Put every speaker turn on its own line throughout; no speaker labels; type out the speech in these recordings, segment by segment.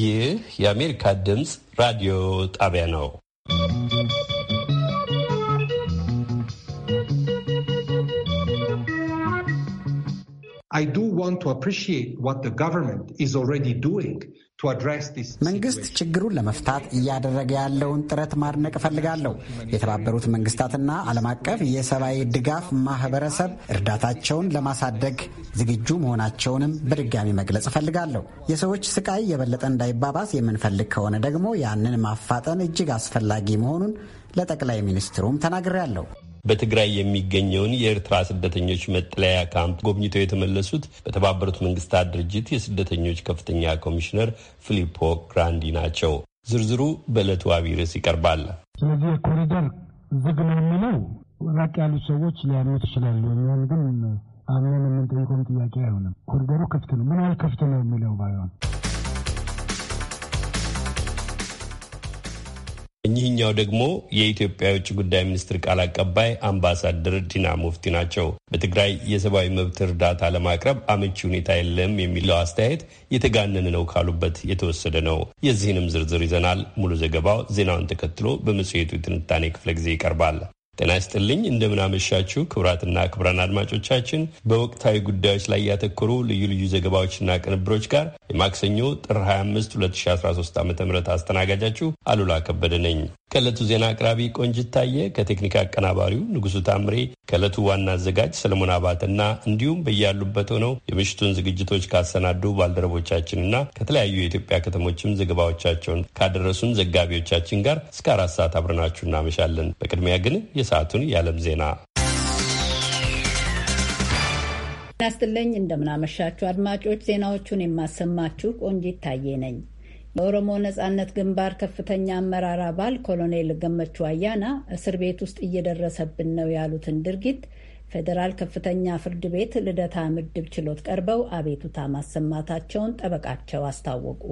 ይህ የአሜሪካ ድምፅ ራዲዮ ጣቢያ ነው።
I do want to appreciate what the government is already doing መንግስት ችግሩን ለመፍታት እያደረገ ያለውን ጥረት ማድነቅ እፈልጋለሁ። የተባበሩት መንግስታትና ዓለም አቀፍ የሰብአዊ ድጋፍ ማህበረሰብ እርዳታቸውን ለማሳደግ ዝግጁ መሆናቸውንም በድጋሚ መግለጽ እፈልጋለሁ። የሰዎች ስቃይ የበለጠ እንዳይባባስ የምንፈልግ ከሆነ ደግሞ ያንን ማፋጠን እጅግ አስፈላጊ መሆኑን ለጠቅላይ ሚኒስትሩም ተናግሬያለሁ።
በትግራይ የሚገኘውን የኤርትራ ስደተኞች መጠለያ ካምፕ ጎብኝተው የተመለሱት በተባበሩት መንግስታት ድርጅት የስደተኞች ከፍተኛ ኮሚሽነር ፊሊፖ ግራንዲ ናቸው። ዝርዝሩ በዕለቱ አብይ ርዕስ ይቀርባል።
ስለዚህ የኮሪደር ዝግ ነው የሚለው ራቅ ያሉ ሰዎች ሊያምኑት ይችላሉ። የሚሆን ግን አምነን የምንጠይቀውም ጥያቄ አይሆንም። ኮሪደሩ ክፍት ነው። ምን ያህል ክፍት ነው የሚለው ባይሆን
እኚህኛው ደግሞ የኢትዮጵያ የውጭ ጉዳይ ሚኒስትር ቃል አቀባይ አምባሳደር ዲና ሙፍቲ ናቸው። በትግራይ የሰብአዊ መብት እርዳታ ለማቅረብ አመቺ ሁኔታ የለም የሚለው አስተያየት የተጋነነ ነው ካሉበት የተወሰደ ነው። የዚህንም ዝርዝር ይዘናል። ሙሉ ዘገባው ዜናውን ተከትሎ በመጽሔቱ የትንታኔ ክፍለ ጊዜ ይቀርባል። ጤና ይስጥልኝ እንደምናመሻችሁ ክቡራትና ክቡራን አድማጮቻችን በወቅታዊ ጉዳዮች ላይ ያተኮሩ ልዩ ልዩ ዘገባዎችና ቅንብሮች ጋር የማክሰኞ ጥር 25 2013 ዓ ም አስተናጋጃችሁ አሉላ ከበደ ነኝ። ከእለቱ ዜና አቅራቢ ቆንጅት ታየ፣ ከቴክኒክ አቀናባሪው ንጉሱ ታምሬ፣ ከእለቱ ዋና አዘጋጅ ሰለሞን አባትና እንዲሁም በያሉበት ሆነው የምሽቱን ዝግጅቶች ካሰናዱ ባልደረቦቻችንና ከተለያዩ የኢትዮጵያ ከተሞችም ዘገባዎቻቸውን ካደረሱን ዘጋቢዎቻችን ጋር እስከ አራት ሰዓት አብረናችሁ እናመሻለን። በቅድሚያ ግን የሰዓቱን የዓለም ዜና
ናስትለኝ እንደምናመሻችሁ አድማጮች፣ ዜናዎቹን የማሰማችሁ ቆንጂት ታዬ ነኝ። የኦሮሞ ነጻነት ግንባር ከፍተኛ አመራር አባል ኮሎኔል ገመቹ አያና እስር ቤት ውስጥ እየደረሰብን ነው ያሉትን ድርጊት ፌዴራል ከፍተኛ ፍርድ ቤት ልደታ ምድብ ችሎት ቀርበው አቤቱታ ማሰማታቸውን ጠበቃቸው አስታወቁ።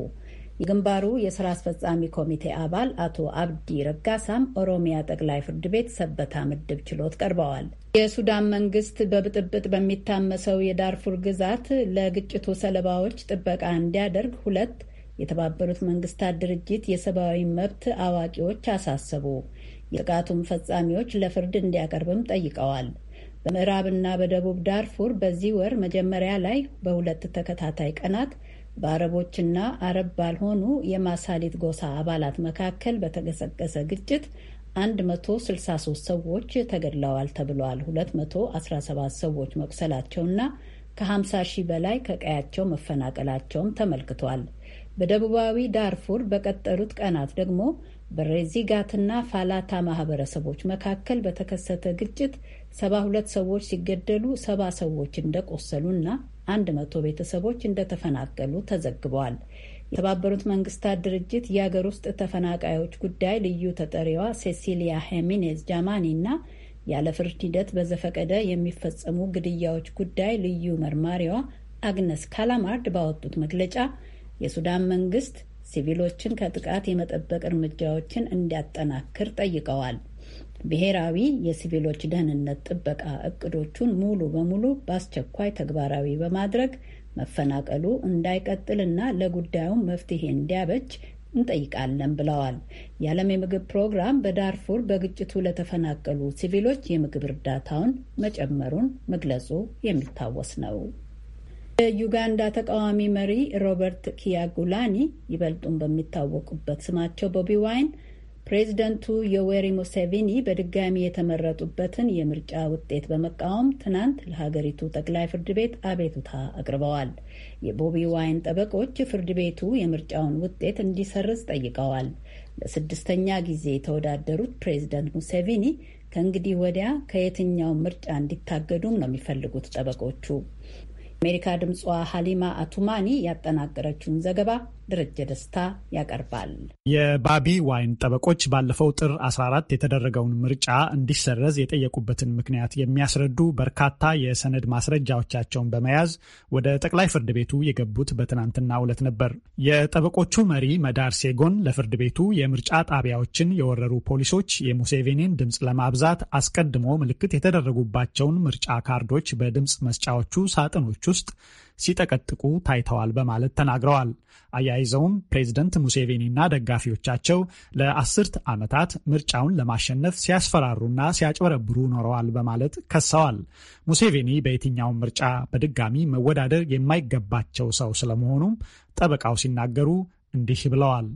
የግንባሩ የስራ አስፈጻሚ ኮሚቴ አባል አቶ አብዲ ረጋሳም ኦሮሚያ ጠቅላይ ፍርድ ቤት ሰበታ ምድብ ችሎት ቀርበዋል። የሱዳን መንግስት በብጥብጥ በሚታመሰው የዳርፉር ግዛት ለግጭቱ ሰለባዎች ጥበቃ እንዲያደርግ ሁለት የተባበሩት መንግስታት ድርጅት የሰብአዊ መብት አዋቂዎች አሳሰቡ። የጥቃቱን ፈጻሚዎች ለፍርድ እንዲያቀርብም ጠይቀዋል። በምዕራብና በደቡብ ዳርፉር በዚህ ወር መጀመሪያ ላይ በሁለት ተከታታይ ቀናት በአረቦችና አረብ ባልሆኑ የማሳሊት ጎሳ አባላት መካከል በተቀሰቀሰ ግጭት 163 ሰዎች ተገድለዋል ተብለዋል። 217 ሰዎች መቁሰላቸውና ከ50 ሺህ በላይ ከቀያቸው መፈናቀላቸውም ተመልክቷል። በደቡባዊ ዳርፉር በቀጠሉት ቀናት ደግሞ በሬዚጋትና ፋላታ ማህበረሰቦች መካከል በተከሰተ ግጭት 72 ሰዎች ሲገደሉ ሰባ ሰዎች እንደቆሰሉና አንድ መቶ ቤተሰቦች እንደተፈናቀሉ ተዘግበዋል። የተባበሩት መንግስታት ድርጅት የአገር ውስጥ ተፈናቃዮች ጉዳይ ልዩ ተጠሪዋ ሴሲሊያ ሄሚኔዝ ጃማኒ እና ያለ ፍርድ ሂደት በዘፈቀደ የሚፈጸሙ ግድያዎች ጉዳይ ልዩ መርማሪዋ አግነስ ካላማርድ ባወጡት መግለጫ የሱዳን መንግስት ሲቪሎችን ከጥቃት የመጠበቅ እርምጃዎችን እንዲያጠናክር ጠይቀዋል። ብሔራዊ የሲቪሎች ደህንነት ጥበቃ እቅዶቹን ሙሉ በሙሉ በአስቸኳይ ተግባራዊ በማድረግ መፈናቀሉ እንዳይቀጥልና ለጉዳዩም መፍትሄ እንዲያበጅ እንጠይቃለን ብለዋል። የዓለም የምግብ ፕሮግራም በዳርፉር በግጭቱ ለተፈናቀሉ ሲቪሎች የምግብ እርዳታውን መጨመሩን መግለጹ የሚታወስ ነው። የዩጋንዳ ተቃዋሚ መሪ ሮበርት ኪያጉላኒ ይበልጡን በሚታወቁበት ስማቸው ቦቢ ዋይን ፕሬዚደንቱ ዮዌሪ ሙሴቪኒ በድጋሚ የተመረጡበትን የምርጫ ውጤት በመቃወም ትናንት ለሀገሪቱ ጠቅላይ ፍርድ ቤት አቤቱታ አቅርበዋል። የቦቢ ዋይን ጠበቆች ፍርድ ቤቱ የምርጫውን ውጤት እንዲሰርዝ ጠይቀዋል። ለስድስተኛ ጊዜ የተወዳደሩት ፕሬዚደንት ሙሴቪኒ ከእንግዲህ ወዲያ ከየትኛው ምርጫ እንዲታገዱም ነው የሚፈልጉት ጠበቆቹ። አሜሪካ ድምጿ ሀሊማ አቱማኒ ያጠናቀረችውን ዘገባ ደረጀ ደስታ ያቀርባል።
የባቢ ዋይን ጠበቆች ባለፈው ጥር 14 የተደረገውን ምርጫ እንዲሰረዝ የጠየቁበትን ምክንያት የሚያስረዱ በርካታ የሰነድ ማስረጃዎቻቸውን በመያዝ ወደ ጠቅላይ ፍርድ ቤቱ የገቡት በትናንትና ዕለት ነበር። የጠበቆቹ መሪ መዳር ሴጎን ለፍርድ ቤቱ የምርጫ ጣቢያዎችን የወረሩ ፖሊሶች የሙሴቬኒን ድምፅ ለማብዛት አስቀድሞ ምልክት የተደረጉባቸውን ምርጫ ካርዶች በድምፅ መስጫዎቹ ሳጥኖች ውስጥ ሲጠቀጥቁ ታይተዋል በማለት ተናግረዋል። አያይዘውም ፕሬዝደንት ሙሴቬኒና ደጋፊዎቻቸው ለአስርት ዓመታት ምርጫውን ለማሸነፍ ሲያስፈራሩና ሲያጭበረብሩ ኖረዋል በማለት ከሰዋል። ሙሴቬኒ በየትኛውም ምርጫ በድጋሚ መወዳደር የማይገባቸው ሰው ስለመሆኑም ጠበቃው ሲናገሩ እንዲህ ብለዋል።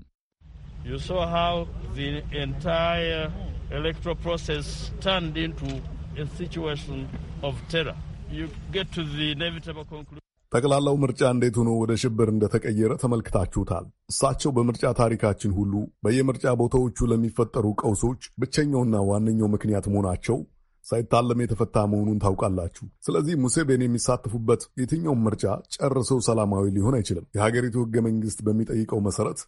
ጠቅላላው ምርጫ እንዴት ሆኖ ወደ ሽብር እንደተቀየረ ተመልክታችሁታል። እሳቸው በምርጫ ታሪካችን ሁሉ በየምርጫ ቦታዎቹ ለሚፈጠሩ ቀውሶች ብቸኛውና ዋነኛው ምክንያት መሆናቸው ሳይታለም የተፈታ መሆኑን ታውቃላችሁ። ስለዚህ ሙሴቬኒ የሚሳተፉበት የትኛውም ምርጫ ጨርሰው ሰላማዊ ሊሆን አይችልም። የሀገሪቱ ሕገ መንግስት በሚጠይቀው መሰረት?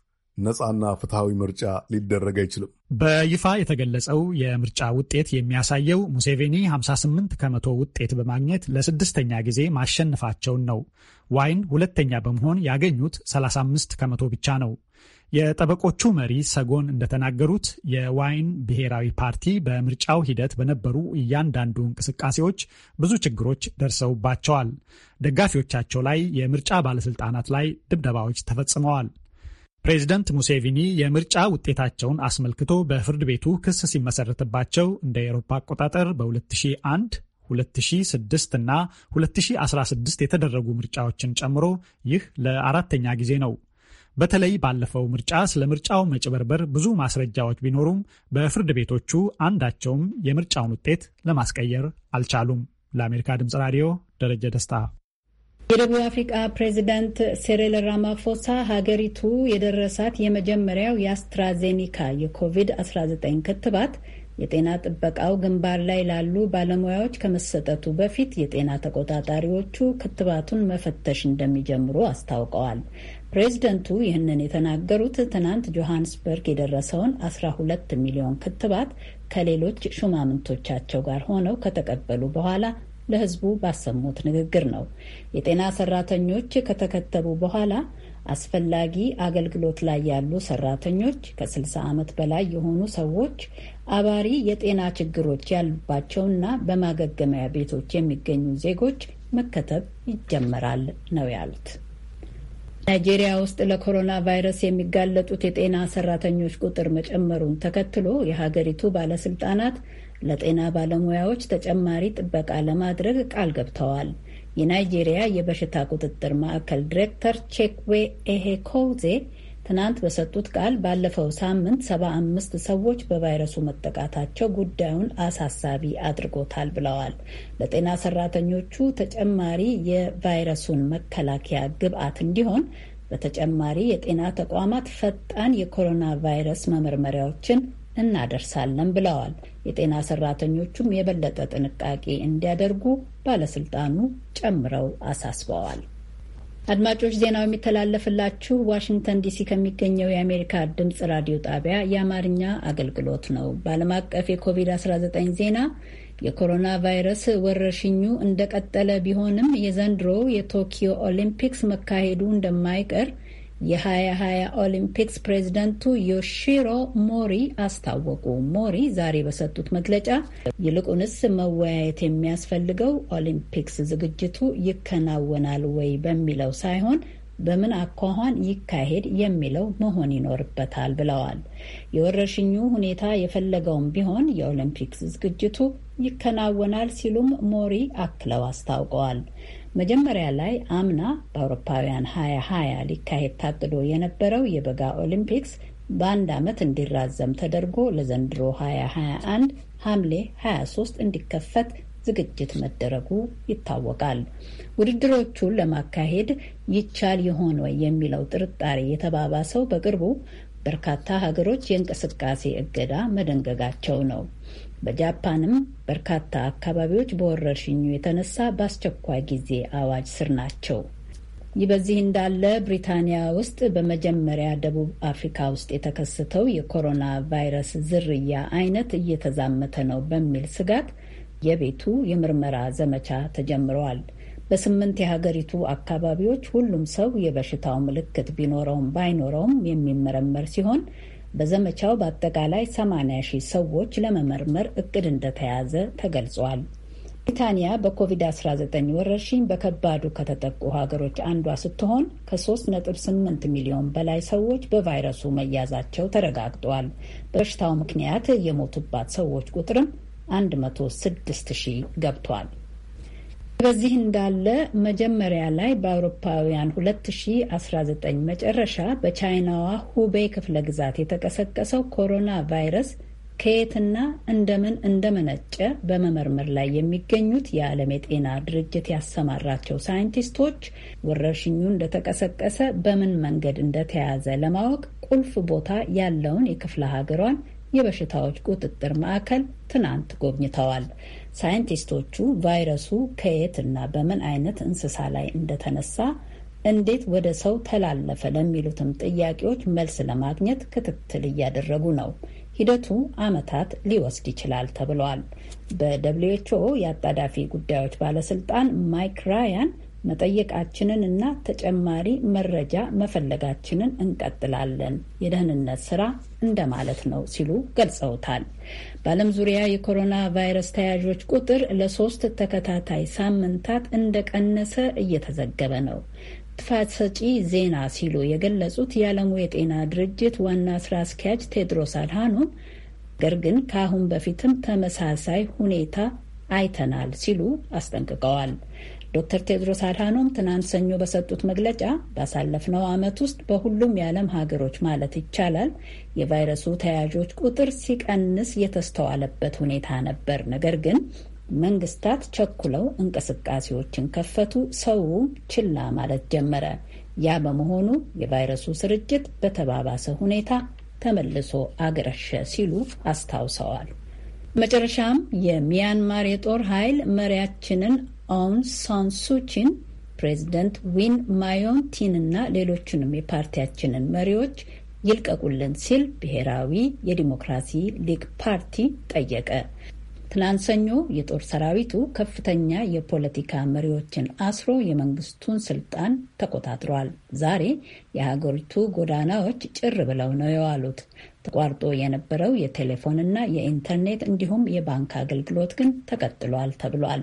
ነፃና ፍትሐዊ ምርጫ ሊደረግ አይችልም።
በይፋ የተገለጸው የምርጫ ውጤት የሚያሳየው ሙሴቬኒ 58 ከመቶ ውጤት በማግኘት ለስድስተኛ ጊዜ ማሸነፋቸውን ነው። ዋይን ሁለተኛ በመሆን ያገኙት 35 ከመቶ ብቻ ነው። የጠበቆቹ መሪ ሰጎን እንደተናገሩት የዋይን ብሔራዊ ፓርቲ በምርጫው ሂደት በነበሩ እያንዳንዱ እንቅስቃሴዎች ብዙ ችግሮች ደርሰውባቸዋል። ደጋፊዎቻቸው ላይ፣ የምርጫ ባለስልጣናት ላይ ድብደባዎች ተፈጽመዋል። ፕሬዚደንት ሙሴቪኒ የምርጫ ውጤታቸውን አስመልክቶ በፍርድ ቤቱ ክስ ሲመሰረትባቸው እንደ ኤሮፓ አቆጣጠር በ2001 2006 እና 2016 የተደረጉ ምርጫዎችን ጨምሮ ይህ ለአራተኛ ጊዜ ነው። በተለይ ባለፈው ምርጫ ስለ ምርጫው መጭበርበር ብዙ ማስረጃዎች ቢኖሩም በፍርድ ቤቶቹ አንዳቸውም የምርጫውን ውጤት ለማስቀየር አልቻሉም። ለአሜሪካ ድምፅ ራዲዮ ደረጀ ደስታ
የደቡብ አፍሪቃ ፕሬዚዳንት ሴሬል ራማፎሳ ሀገሪቱ የደረሳት የመጀመሪያው የአስትራዜኒካ የኮቪድ-19 ክትባት የጤና ጥበቃው ግንባር ላይ ላሉ ባለሙያዎች ከመሰጠቱ በፊት የጤና ተቆጣጣሪዎቹ ክትባቱን መፈተሽ እንደሚጀምሩ አስታውቀዋል። ፕሬዝደንቱ ይህንን የተናገሩት ትናንት ጆሃንስበርግ የደረሰውን 12 ሚሊዮን ክትባት ከሌሎች ሹማምንቶቻቸው ጋር ሆነው ከተቀበሉ በኋላ ለህዝቡ ባሰሙት ንግግር ነው። የጤና ሰራተኞች ከተከተቡ በኋላ አስፈላጊ አገልግሎት ላይ ያሉ ሰራተኞች፣ ከ60 ዓመት በላይ የሆኑ ሰዎች፣ አባሪ የጤና ችግሮች ያሉባቸውና በማገገሚያ ቤቶች የሚገኙ ዜጎች መከተብ ይጀመራል ነው ያሉት። ናይጄሪያ ውስጥ ለኮሮና ቫይረስ የሚጋለጡት የጤና ሰራተኞች ቁጥር መጨመሩን ተከትሎ የሀገሪቱ ባለስልጣናት ለጤና ባለሙያዎች ተጨማሪ ጥበቃ ለማድረግ ቃል ገብተዋል። የናይጄሪያ የበሽታ ቁጥጥር ማዕከል ዲሬክተር ቼክዌ ኤሄኮዜ ትናንት በሰጡት ቃል ባለፈው ሳምንት ሰባ አምስት ሰዎች በቫይረሱ መጠቃታቸው ጉዳዩን አሳሳቢ አድርጎታል ብለዋል። ለጤና ሰራተኞቹ ተጨማሪ የቫይረሱን መከላከያ ግብዓት እንዲሆን በተጨማሪ የጤና ተቋማት ፈጣን የኮሮና ቫይረስ መመርመሪያዎችን እናደርሳለን ብለዋል። የጤና ሰራተኞቹም የበለጠ ጥንቃቄ እንዲያደርጉ ባለስልጣኑ ጨምረው አሳስበዋል። አድማጮች ዜናው የሚተላለፍላችሁ ዋሽንግተን ዲሲ ከሚገኘው የአሜሪካ ድምፅ ራዲዮ ጣቢያ የአማርኛ አገልግሎት ነው። በዓለም አቀፍ የኮቪድ-19 ዜና የኮሮና ቫይረስ ወረርሽኙ እንደቀጠለ ቢሆንም የዘንድሮው የቶኪዮ ኦሊምፒክስ መካሄዱ እንደማይቀር የ2020 ኦሊምፒክስ ፕሬዝደንቱ ዮሺሮ ሞሪ አስታወቁ። ሞሪ ዛሬ በሰጡት መግለጫ ይልቁንስ መወያየት የሚያስፈልገው ኦሊምፒክስ ዝግጅቱ ይከናወናል ወይ በሚለው ሳይሆን በምን አኳኋን ይካሄድ የሚለው መሆን ይኖርበታል ብለዋል። የወረርሽኙ ሁኔታ የፈለገውም ቢሆን የኦሊምፒክስ ዝግጅቱ ይከናወናል ሲሉም ሞሪ አክለው አስታውቀዋል። መጀመሪያ ላይ አምና በአውሮፓውያን 2020 ሊካሄድ ታቅዶ የነበረው የበጋ ኦሊምፒክስ በአንድ ዓመት እንዲራዘም ተደርጎ ለዘንድሮ 2021 ሐምሌ 23 እንዲከፈት ዝግጅት መደረጉ ይታወቃል። ውድድሮቹን ለማካሄድ ይቻል ይሆን ወይ የሚለው ጥርጣሬ የተባባሰው በቅርቡ በርካታ ሀገሮች የእንቅስቃሴ እገዳ መደንገጋቸው ነው። በጃፓንም በርካታ አካባቢዎች በወረርሽኙ የተነሳ በአስቸኳይ ጊዜ አዋጅ ስር ናቸው። ይህ በዚህ እንዳለ ብሪታንያ ውስጥ በመጀመሪያ ደቡብ አፍሪካ ውስጥ የተከሰተው የኮሮና ቫይረስ ዝርያ አይነት እየተዛመተ ነው በሚል ስጋት የቤቱ የምርመራ ዘመቻ ተጀምረዋል። በስምንት የሀገሪቱ አካባቢዎች ሁሉም ሰው የበሽታው ምልክት ቢኖረውም ባይኖረውም የሚመረመር ሲሆን በዘመቻው በአጠቃላይ 80 ሺህ ሰዎች ለመመርመር እቅድ እንደተያዘ ተገልጿል። ብሪታንያ በኮቪድ-19 ወረርሽኝ በከባዱ ከተጠቁ ሀገሮች አንዷ ስትሆን ከ3.8 ሚሊዮን በላይ ሰዎች በቫይረሱ መያዛቸው ተረጋግጧል። በበሽታው ምክንያት የሞቱባት ሰዎች ቁጥርም 106 ሺህ ገብቷል። በዚህ እንዳለ መጀመሪያ ላይ በአውሮፓውያን 2019 መጨረሻ በቻይናዋ ሁቤይ ክፍለ ግዛት የተቀሰቀሰው ኮሮና ቫይረስ ከየትና እንደምን እንደመነጨ በመመርመር ላይ የሚገኙት የዓለም የጤና ድርጅት ያሰማራቸው ሳይንቲስቶች ወረርሽኙ እንደተቀሰቀሰ በምን መንገድ እንደተያዘ ለማወቅ ቁልፍ ቦታ ያለውን የክፍለ ሀገሯን የበሽታዎች ቁጥጥር ማዕከል ትናንት ጎብኝተዋል። ሳይንቲስቶቹ ቫይረሱ ከየት እና በምን አይነት እንስሳ ላይ እንደተነሳ እንዴት ወደ ሰው ተላለፈ ለሚሉትም ጥያቄዎች መልስ ለማግኘት ክትትል እያደረጉ ነው። ሂደቱ ዓመታት ሊወስድ ይችላል ተብሏል። በደብሊው ኤች ኦ የአጣዳፊ ጉዳዮች ባለስልጣን ማይክ ራያን መጠየቃችንን እና ተጨማሪ መረጃ መፈለጋችንን እንቀጥላለን፣ የደህንነት ስራ እንደማለት ነው ሲሉ ገልጸውታል። በዓለም ዙሪያ የኮሮና ቫይረስ ተያዦች ቁጥር ለሶስት ተከታታይ ሳምንታት እንደቀነሰ እየተዘገበ ነው። ጥፋት ሰጪ ዜና ሲሉ የገለጹት የዓለሙ የጤና ድርጅት ዋና ስራ አስኪያጅ ቴድሮስ አድሃኖም ነገር ግን ከአሁን በፊትም ተመሳሳይ ሁኔታ አይተናል ሲሉ አስጠንቅቀዋል። ዶክተር ቴድሮስ አድሃኖም ትናንት ሰኞ በሰጡት መግለጫ ባሳለፍነው ዓመት ውስጥ በሁሉም የዓለም ሀገሮች ማለት ይቻላል የቫይረሱ ተያዦች ቁጥር ሲቀንስ የተስተዋለበት ሁኔታ ነበር። ነገር ግን መንግስታት ቸኩለው እንቅስቃሴዎችን ከፈቱ፣ ሰውም ችላ ማለት ጀመረ። ያ በመሆኑ የቫይረሱ ስርጭት በተባባሰ ሁኔታ ተመልሶ አገረሸ ሲሉ አስታውሰዋል። መጨረሻም የሚያንማር የጦር ኃይል መሪያችንን ኦንግ ሳንሱቺን ፕሬዚደንት ዊን ማዮንቲንና ሌሎቹንም የፓርቲያችንን መሪዎች ይልቀቁልን ሲል ብሔራዊ የዲሞክራሲ ሊግ ፓርቲ ጠየቀ። ትናንት ሰኞ የጦር ሰራዊቱ ከፍተኛ የፖለቲካ መሪዎችን አስሮ የመንግስቱን ስልጣን ተቆጣጥሯል። ዛሬ የሀገሪቱ ጎዳናዎች ጭር ብለው ነው የዋሉት። ተቋርጦ የነበረው የቴሌፎንና የኢንተርኔት እንዲሁም የባንክ አገልግሎት ግን ተቀጥሏል ተብሏል።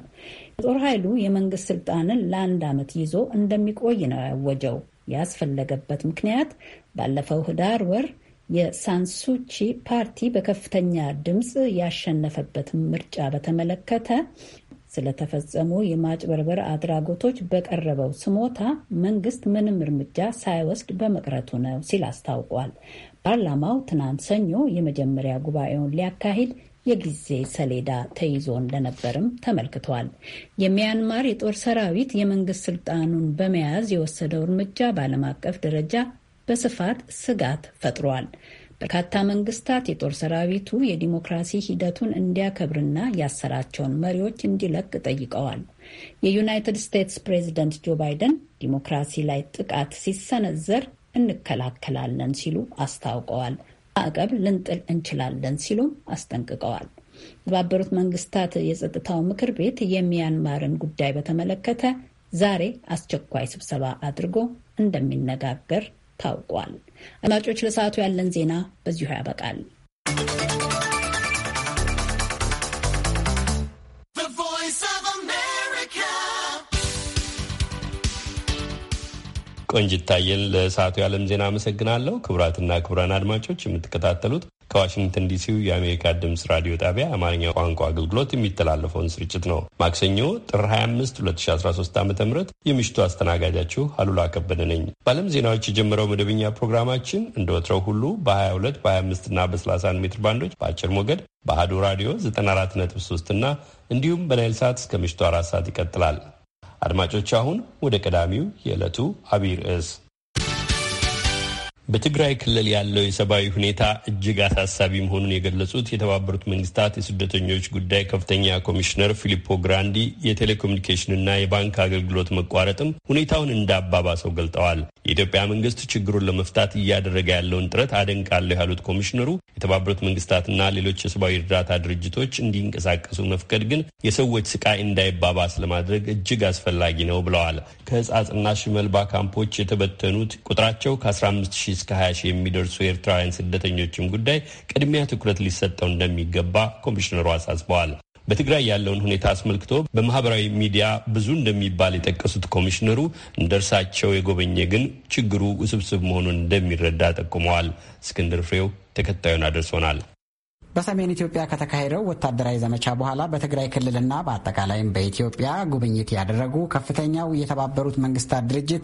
ጦር ኃይሉ የመንግስት ስልጣንን ለአንድ ዓመት ይዞ እንደሚቆይ ነው ያወጀው። ያስፈለገበት ምክንያት ባለፈው ህዳር ወር የሳንሱቺ ፓርቲ በከፍተኛ ድምፅ ያሸነፈበት ምርጫ በተመለከተ ስለተፈጸሙ የማጭበርበር አድራጎቶች በቀረበው ስሞታ መንግስት ምንም እርምጃ ሳይወስድ በመቅረቱ ነው ሲል አስታውቋል። ፓርላማው ትናንት ሰኞ የመጀመሪያ ጉባኤውን ሊያካሂድ የጊዜ ሰሌዳ ተይዞ እንደነበርም ተመልክቷል። የሚያንማር የጦር ሰራዊት የመንግስት ስልጣኑን በመያዝ የወሰደው እርምጃ በዓለም አቀፍ ደረጃ በስፋት ስጋት ፈጥሯል። በርካታ መንግስታት የጦር ሰራዊቱ የዲሞክራሲ ሂደቱን እንዲያከብርና ያሰራቸውን መሪዎች እንዲለቅ ጠይቀዋል። የዩናይትድ ስቴትስ ፕሬዚደንት ጆ ባይደን ዲሞክራሲ ላይ ጥቃት ሲሰነዘር እንከላከላለን ሲሉ አስታውቀዋል። ማዕቀብ ልንጥል እንችላለን ሲሉም አስጠንቅቀዋል። የተባበሩት መንግስታት የጸጥታው ምክር ቤት የሚያንማርን ጉዳይ በተመለከተ ዛሬ አስቸኳይ ስብሰባ አድርጎ እንደሚነጋገር ታውቋል። አድማጮች፣ ለሰዓቱ ያለን ዜና በዚሁ ያበቃል።
ቆንጅታየን ለሰዓቱ የዓለም ዜና አመሰግናለሁ። ክቡራትና ክቡራን አድማጮች የምትከታተሉት ከዋሽንግተን ዲሲው የአሜሪካ ድምፅ ራዲዮ ጣቢያ አማርኛ ቋንቋ አገልግሎት የሚተላለፈውን ስርጭት ነው። ማክሰኞ ጥር 25 2013 ዓ ም የምሽቱ አስተናጋጃችሁ አሉላ ከበደ ነኝ። በዓለም ዜናዎች የጀመረው መደበኛ ፕሮግራማችን እንደ ወትረው ሁሉ በ22 በ25 እና በ31 ሜትር ባንዶች በአጭር ሞገድ በአህዱ ራዲዮ 943 እና እንዲሁም በናይል ሰዓት እስከ ምሽቱ አራት ሰዓት ይቀጥላል። አድማጮች አሁን ወደ ቀዳሚው የዕለቱ አብይ ርዕስ በትግራይ ክልል ያለው የሰብአዊ ሁኔታ እጅግ አሳሳቢ መሆኑን የገለጹት የተባበሩት መንግስታት የስደተኞች ጉዳይ ከፍተኛ ኮሚሽነር ፊሊፖ ግራንዲ የቴሌኮሙኒኬሽንና የባንክ አገልግሎት መቋረጥም ሁኔታውን እንዳባባሰው ገልጠዋል። የኢትዮጵያ መንግስት ችግሩን ለመፍታት እያደረገ ያለውን ጥረት አደንቃለሁ ያሉት ኮሚሽነሩ የተባበሩት መንግስታትና ሌሎች የሰብአዊ እርዳታ ድርጅቶች እንዲንቀሳቀሱ መፍቀድ ግን የሰዎች ስቃይ እንዳይባባስ ለማድረግ እጅግ አስፈላጊ ነው ብለዋል። ከህጻጽና ሽመልባ ካምፖች የተበተኑት ቁጥራቸው ከ15 እስከ 20 ሺህ የሚደርሱ ኤርትራውያን ስደተኞችም ጉዳይ ቅድሚያ ትኩረት ሊሰጠው እንደሚገባ ኮሚሽነሩ አሳስበዋል። በትግራይ ያለውን ሁኔታ አስመልክቶ በማህበራዊ ሚዲያ ብዙ እንደሚባል የጠቀሱት ኮሚሽነሩ እንደ እርሳቸው የጎበኘ ግን ችግሩ ውስብስብ መሆኑን እንደሚረዳ ጠቁመዋል። እስክንድር ፍሬው ተከታዩን አድርሶናል።
በሰሜን ኢትዮጵያ ከተካሄደው ወታደራዊ ዘመቻ በኋላ በትግራይ ክልልና በአጠቃላይም በኢትዮጵያ ጉብኝት ያደረጉ ከፍተኛው የተባበሩት መንግስታት ድርጅት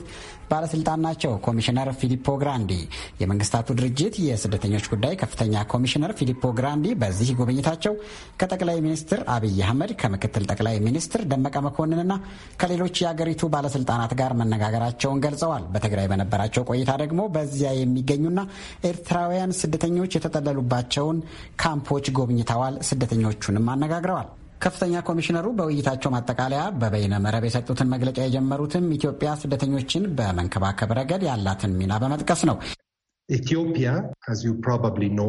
ባለስልጣን ናቸው ኮሚሽነር ፊሊፖ ግራንዲ። የመንግስታቱ ድርጅት የስደተኞች ጉዳይ ከፍተኛ ኮሚሽነር ፊሊፖ ግራንዲ በዚህ ጉብኝታቸው ከጠቅላይ ሚኒስትር አብይ አህመድ ከምክትል ጠቅላይ ሚኒስትር ደመቀ መኮንንና ከሌሎች የአገሪቱ ባለስልጣናት ጋር መነጋገራቸውን ገልጸዋል። በትግራይ በነበራቸው ቆይታ ደግሞ በዚያ የሚገኙና ኤርትራውያን ስደተኞች የተጠለሉባቸውን ካምፖች ጎብኝተዋል፣ ስደተኞቹንም አነጋግረዋል። ከፍተኛ ኮሚሽነሩ በውይይታቸው ማጠቃለያ በበይነ መረብ የሰጡትን መግለጫ የጀመሩትም ኢትዮጵያ ስደተኞችን በመንከባከብ ረገድ ያላትን ሚና በመጥቀስ ነው። ኢትዮጵያ
አስ ኖ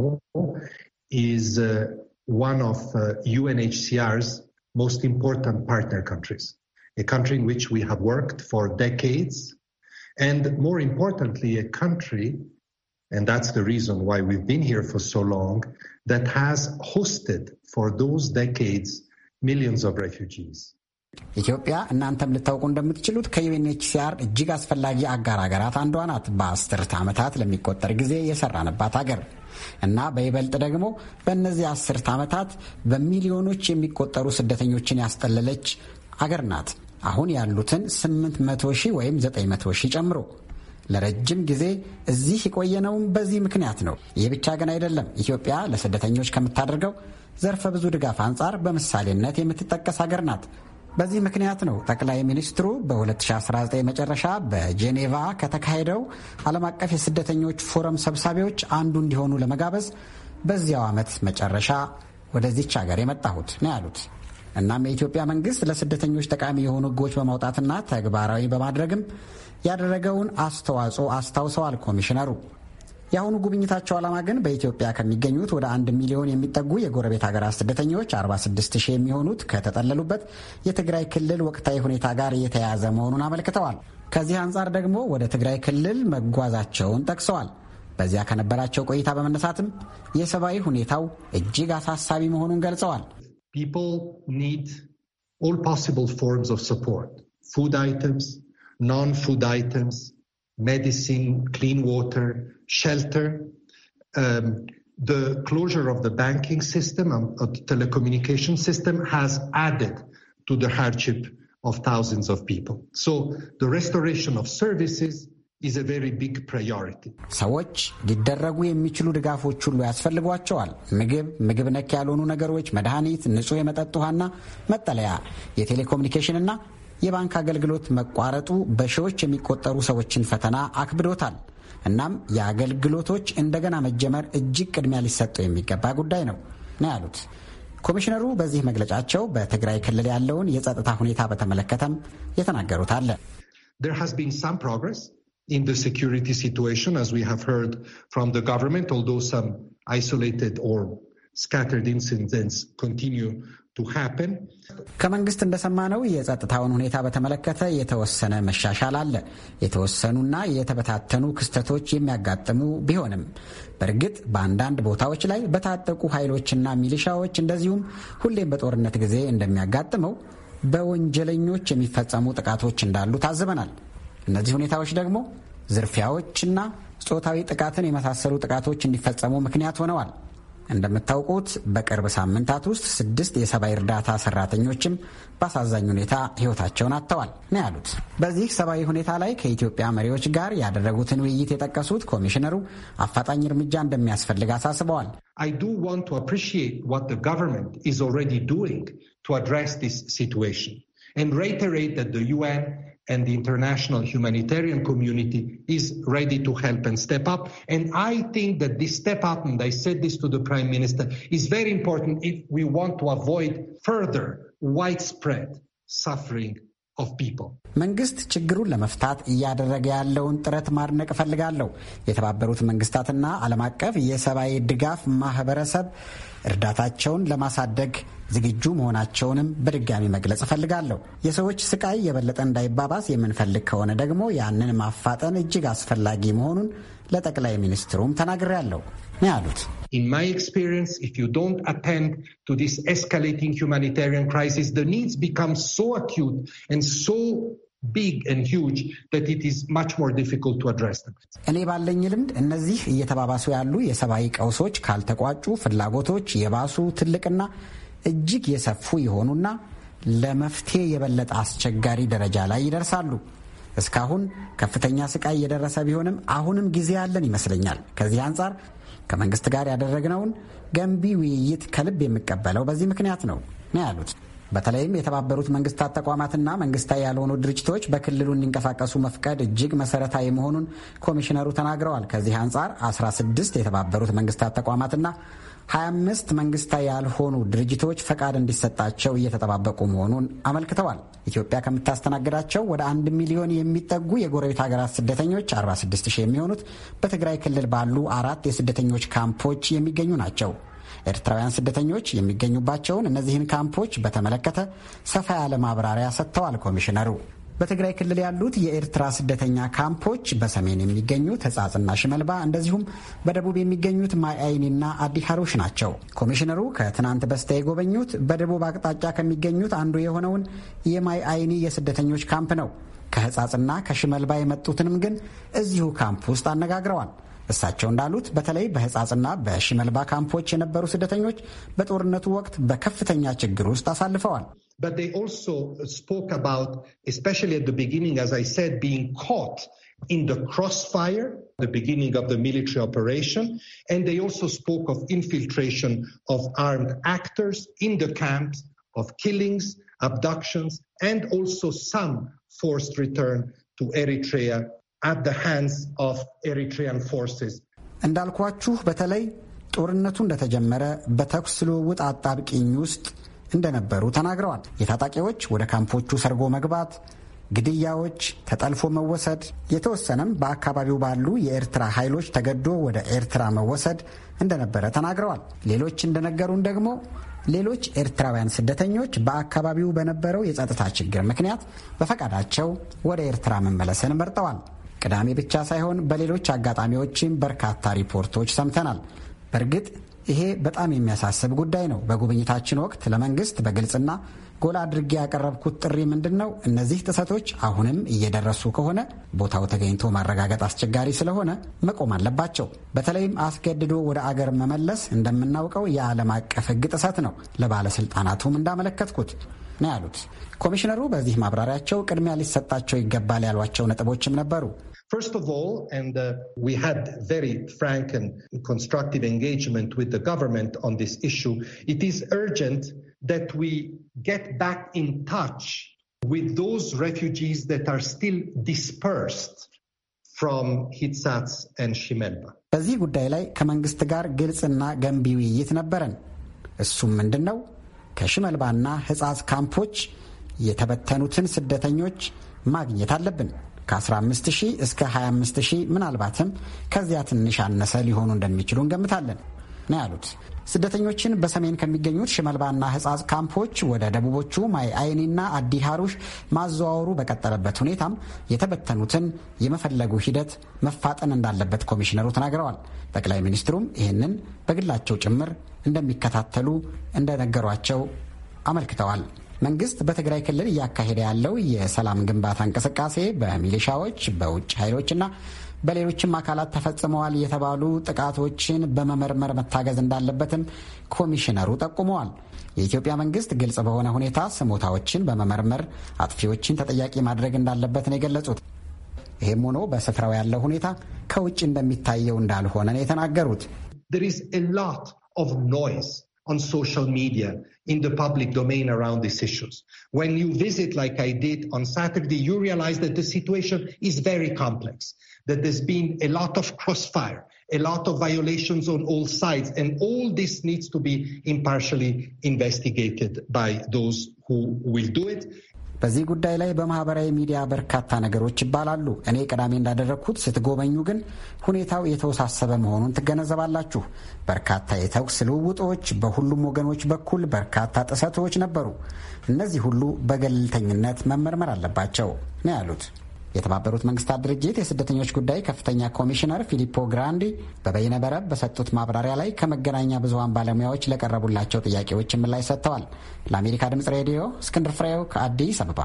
ኢዝ ዋን ኦፍ ዩኤንኤችሲአርስ ሞስት ኢምፖርታንት ፓርትነር ካንትሪስ ኤ ካንትሪ ኢን ዊች ፎር ዴኬድስ ኤንድ ሞር ኢምፖርታንትሊ ኤ ካንትሪ ሪዝን ዋይ ዊቭ ቢን ሂር ሶ ሎንግ that has hosted for those decades millions of refugees.
ኢትዮጵያ እናንተም ልታውቁ እንደምትችሉት ከዩኤንኤችሲአር እጅግ አስፈላጊ አጋር ሀገራት አንዷ ናት። በአስርት ዓመታት ለሚቆጠር ጊዜ የሰራንባት ሀገር እና በይበልጥ ደግሞ በእነዚህ አስርት ዓመታት በሚሊዮኖች የሚቆጠሩ ስደተኞችን ያስጠለለች አገር ናት። አሁን ያሉትን ስምንት ሺህ ወይም ዘጠኝ ሺህ ጨምሮ ለረጅም ጊዜ እዚህ የቆየነውም በዚህ ምክንያት ነው። ይህ ብቻ ግን አይደለም። ኢትዮጵያ ለስደተኞች ከምታደርገው ዘርፈ ብዙ ድጋፍ አንጻር በምሳሌነት የምትጠቀስ ሀገር ናት። በዚህ ምክንያት ነው ጠቅላይ ሚኒስትሩ በ2019 መጨረሻ በጄኔቫ ከተካሄደው ዓለም አቀፍ የስደተኞች ፎረም ሰብሳቢዎች አንዱ እንዲሆኑ ለመጋበዝ በዚያው ዓመት መጨረሻ ወደዚች ሀገር የመጣሁት ነው ያሉት። እናም የኢትዮጵያ መንግስት ለስደተኞች ጠቃሚ የሆኑ ህጎች በማውጣትና ተግባራዊ በማድረግም ያደረገውን አስተዋጽኦ አስታውሰዋል ኮሚሽነሩ። የአሁኑ ጉብኝታቸው ዓላማ ግን በኢትዮጵያ ከሚገኙት ወደ አንድ ሚሊዮን የሚጠጉ የጎረቤት ሀገራት ስደተኞች 46 ሺህ የሚሆኑት ከተጠለሉበት የትግራይ ክልል ወቅታዊ ሁኔታ ጋር የተያያዘ መሆኑን አመልክተዋል። ከዚህ አንጻር ደግሞ ወደ ትግራይ ክልል መጓዛቸውን ጠቅሰዋል። በዚያ ከነበራቸው ቆይታ በመነሳትም የሰብአዊ ሁኔታው እጅግ አሳሳቢ መሆኑን ገልጸዋል። people need all possible forms of support food items,
non food items, medicine, clean water, shelter. Um, the closure of the banking system and the uh, telecommunication system has added to the hardship of thousands of people. So the
restoration of services ሰዎች ሊደረጉ የሚችሉ ድጋፎች ሁሉ ያስፈልጓቸዋል። ምግብ፣ ምግብ ነክ ያልሆኑ ነገሮች፣ መድኃኒት፣ ንጹህ የመጠጥ ውሃና መጠለያ፣ የቴሌኮሙኒኬሽንና የባንክ አገልግሎት መቋረጡ በሺዎች የሚቆጠሩ ሰዎችን ፈተና አክብዶታል። እናም የአገልግሎቶች እንደገና መጀመር እጅግ ቅድሚያ ሊሰጠው የሚገባ ጉዳይ ነው ነው ያሉት ኮሚሽነሩ። በዚህ መግለጫቸው በትግራይ ክልል ያለውን የጸጥታ ሁኔታ በተመለከተም የተናገሩት አለ
in the security situation, as we have heard from the government,
although some isolated or scattered incidents continue to happen. ከመንግስት እንደሰማነው የጸጥታውን ሁኔታ በተመለከተ የተወሰነ መሻሻል አለ። የተወሰኑና የተበታተኑ ክስተቶች የሚያጋጥሙ ቢሆንም በእርግጥ በአንዳንድ ቦታዎች ላይ በታጠቁ ኃይሎችና ሚሊሻዎች እንደዚሁም ሁሌም በጦርነት ጊዜ እንደሚያጋጥመው በወንጀለኞች የሚፈጸሙ ጥቃቶች እንዳሉ ታዝበናል። እነዚህ ሁኔታዎች ደግሞ ዝርፊያዎችና ጾታዊ ጥቃትን የመሳሰሉ ጥቃቶች እንዲፈጸሙ ምክንያት ሆነዋል። እንደምታውቁት በቅርብ ሳምንታት ውስጥ ስድስት የሰብአዊ እርዳታ ሰራተኞችም በአሳዛኝ ሁኔታ ህይወታቸውን አጥተዋል ነው ያሉት። በዚህ ሰብአዊ ሁኔታ ላይ ከኢትዮጵያ መሪዎች ጋር ያደረጉትን ውይይት የጠቀሱት ኮሚሽነሩ አፋጣኝ እርምጃ እንደሚያስፈልግ አሳስበዋል።
ዩኤን and the international humanitarian community is ready to help and step up. And I think that this step up, and I said this to the Prime Minister, is very important if we want to avoid further widespread suffering
መንግስት ችግሩን ለመፍታት እያደረገ ያለውን ጥረት ማድነቅ እፈልጋለሁ። የተባበሩት መንግስታትና ዓለም አቀፍ የሰብአዊ ድጋፍ ማህበረሰብ እርዳታቸውን ለማሳደግ ዝግጁ መሆናቸውንም በድጋሚ መግለጽ እፈልጋለሁ። የሰዎች ስቃይ የበለጠ እንዳይባባስ የምንፈልግ ከሆነ ደግሞ ያንን ማፋጠን እጅግ አስፈላጊ መሆኑን ለጠቅላይ ሚኒስትሩም ተናግሬያለሁ ነው ያሉት። In my experience, if you don't attend to this escalating
humanitarian crisis, the needs become so acute and so big and huge that it is much more difficult to address
them. እኔ ባለኝ ልምድ እነዚህ እየተባባሱ ያሉ የሰብአዊ ቀውሶች ካልተቋጩ ፍላጎቶች የባሱ ትልቅና እጅግ የሰፉ ይሆኑና ለመፍትሄ የበለጠ አስቸጋሪ ደረጃ ላይ ይደርሳሉ። እስካሁን ከፍተኛ ስቃይ የደረሰ ቢሆንም አሁንም ጊዜ ያለን ይመስለኛል። ከዚህ አንጻር ከመንግስት ጋር ያደረግነውን ገንቢ ውይይት ከልብ የምቀበለው በዚህ ምክንያት ነው ነው ያሉት። በተለይም የተባበሩት መንግስታት ተቋማትና መንግስታዊ ያልሆኑ ድርጅቶች በክልሉ እንዲንቀሳቀሱ መፍቀድ እጅግ መሰረታዊ መሆኑን ኮሚሽነሩ ተናግረዋል። ከዚህ አንጻር 16 የተባበሩት መንግስታት ተቋማትና 25 መንግስታዊ ያልሆኑ ድርጅቶች ፈቃድ እንዲሰጣቸው እየተጠባበቁ መሆኑን አመልክተዋል። ኢትዮጵያ ከምታስተናግዳቸው ወደ አንድ ሚሊዮን የሚጠጉ የጎረቤት ሀገራት ስደተኞች 46 ሺህ የሚሆኑት በትግራይ ክልል ባሉ አራት የስደተኞች ካምፖች የሚገኙ ናቸው። ኤርትራውያን ስደተኞች የሚገኙባቸውን እነዚህን ካምፖች በተመለከተ ሰፋ ያለ ማብራሪያ ሰጥተዋል ኮሚሽነሩ። በትግራይ ክልል ያሉት የኤርትራ ስደተኛ ካምፖች በሰሜን የሚገኙት ሕጻጽና ሽመልባ እንደዚሁም በደቡብ የሚገኙት ማይአይኒና አዲ ሀሩሽ ናቸው። ኮሚሽነሩ ከትናንት በስቲያ የጎበኙት በደቡብ አቅጣጫ ከሚገኙት አንዱ የሆነውን የማይአይኒ የስደተኞች ካምፕ ነው። ከህጻጽና ከሽመልባ የመጡትንም ግን እዚሁ ካምፕ ውስጥ አነጋግረዋል። But they also
spoke about, especially at the beginning, as I said, being caught in the crossfire, the beginning of the military operation. And they also spoke of infiltration of armed actors in the camps, of killings, abductions, and also some forced return to
Eritrea at the hands of Eritrean forces. እንዳልኳችሁ በተለይ ጦርነቱ እንደተጀመረ በተኩስ ልውውጥ አጣብቂኝ ውስጥ እንደነበሩ ተናግረዋል። የታጣቂዎች ወደ ካምፖቹ ሰርጎ መግባት፣ ግድያዎች፣ ተጠልፎ መወሰድ፣ የተወሰነም በአካባቢው ባሉ የኤርትራ ኃይሎች ተገዶ ወደ ኤርትራ መወሰድ እንደነበረ ተናግረዋል። ሌሎች እንደነገሩን ደግሞ ሌሎች ኤርትራውያን ስደተኞች በአካባቢው በነበረው የጸጥታ ችግር ምክንያት በፈቃዳቸው ወደ ኤርትራ መመለስን መርጠዋል። ቅዳሜ ብቻ ሳይሆን በሌሎች አጋጣሚዎችም በርካታ ሪፖርቶች ሰምተናል። በእርግጥ ይሄ በጣም የሚያሳስብ ጉዳይ ነው። በጉብኝታችን ወቅት ለመንግስት በግልጽና ጎላ አድርጌ ያቀረብኩት ጥሪ ምንድን ነው? እነዚህ ጥሰቶች አሁንም እየደረሱ ከሆነ ቦታው ተገኝቶ ማረጋገጥ አስቸጋሪ ስለሆነ መቆም አለባቸው። በተለይም አስገድዶ ወደ አገር መመለስ እንደምናውቀው የዓለም አቀፍ ሕግ ጥሰት ነው። ለባለስልጣናቱም እንዳመለከትኩት ነው ያሉት። ኮሚሽነሩ በዚህ ማብራሪያቸው ቅድሚያ ሊሰጣቸው ይገባል ያሏቸው ነጥቦችም ነበሩ። First of all, and uh, we had very frank and
constructive engagement with the government on this issue, it is urgent that we get back in touch with those refugees that are still dispersed from Hitsats and Shimelba.
በዚህ ጉዳይ ላይ ከመንግስት ጋር ግልጽና ገንቢ ውይይት ነበረን። እሱም ምንድን ነው? ከሽመልባና ሕጻጽ ካምፖች የተበተኑትን ስደተኞች ማግኘት አለብን። ከ15 ሺህ እስከ 25 ሺህ ምናልባትም ከዚያ ትንሽ አነሰ ሊሆኑ እንደሚችሉ እንገምታለን ነው ያሉት። ስደተኞችን በሰሜን ከሚገኙት ሽመልባና ሕጻጽ ካምፖች ወደ ደቡቦቹ ማይ አይኒና አዲ ሀሩሽ ማዘዋወሩ በቀጠለበት ሁኔታም የተበተኑትን የመፈለጉ ሂደት መፋጠን እንዳለበት ኮሚሽነሩ ተናግረዋል። ጠቅላይ ሚኒስትሩም ይህንን በግላቸው ጭምር እንደሚከታተሉ እንደነገሯቸው አመልክተዋል። መንግስት በትግራይ ክልል እያካሄደ ያለው የሰላም ግንባታ እንቅስቃሴ በሚሊሻዎች በውጭ ኃይሎችና በሌሎችም አካላት ተፈጽመዋል የተባሉ ጥቃቶችን በመመርመር መታገዝ እንዳለበትም ኮሚሽነሩ ጠቁመዋል። የኢትዮጵያ መንግስት ግልጽ በሆነ ሁኔታ ስሞታዎችን በመመርመር አጥፊዎችን ተጠያቂ ማድረግ እንዳለበት ነው የገለጹት። ይህም ሆኖ በስፍራው ያለው ሁኔታ ከውጭ እንደሚታየው እንዳልሆነ ነው የተናገሩት። of noise on social media in the public domain
around these issues. When you visit, like I did on Saturday, you realize that the situation is very complex, that there's been a lot of crossfire, a lot of violations on all sides, and all this needs to be impartially investigated by
those who will do it. በዚህ ጉዳይ ላይ በማህበራዊ ሚዲያ በርካታ ነገሮች ይባላሉ። እኔ ቅዳሜ እንዳደረግኩት ስትጎበኙ ግን ሁኔታው የተወሳሰበ መሆኑን ትገነዘባላችሁ። በርካታ የተኩስ ልውውጦች፣ በሁሉም ወገኖች በኩል በርካታ ጥሰቶች ነበሩ። እነዚህ ሁሉ በገለልተኝነት መመርመር አለባቸው ነው ያሉት። የተባበሩት መንግስታት ድርጅት የስደተኞች ጉዳይ ከፍተኛ ኮሚሽነር ፊሊፖ ግራንዲ በበይነ በሰጡት ማብራሪያ ላይ ከመገናኛ ብዙሃን ባለሙያዎች ለቀረቡላቸው ጥያቄዎች ምላሽ ሰጥተዋል። ለአሜሪካ ድምጽ ሬዲዮ እስክንድር ፍሬው ከአዲስ አበባ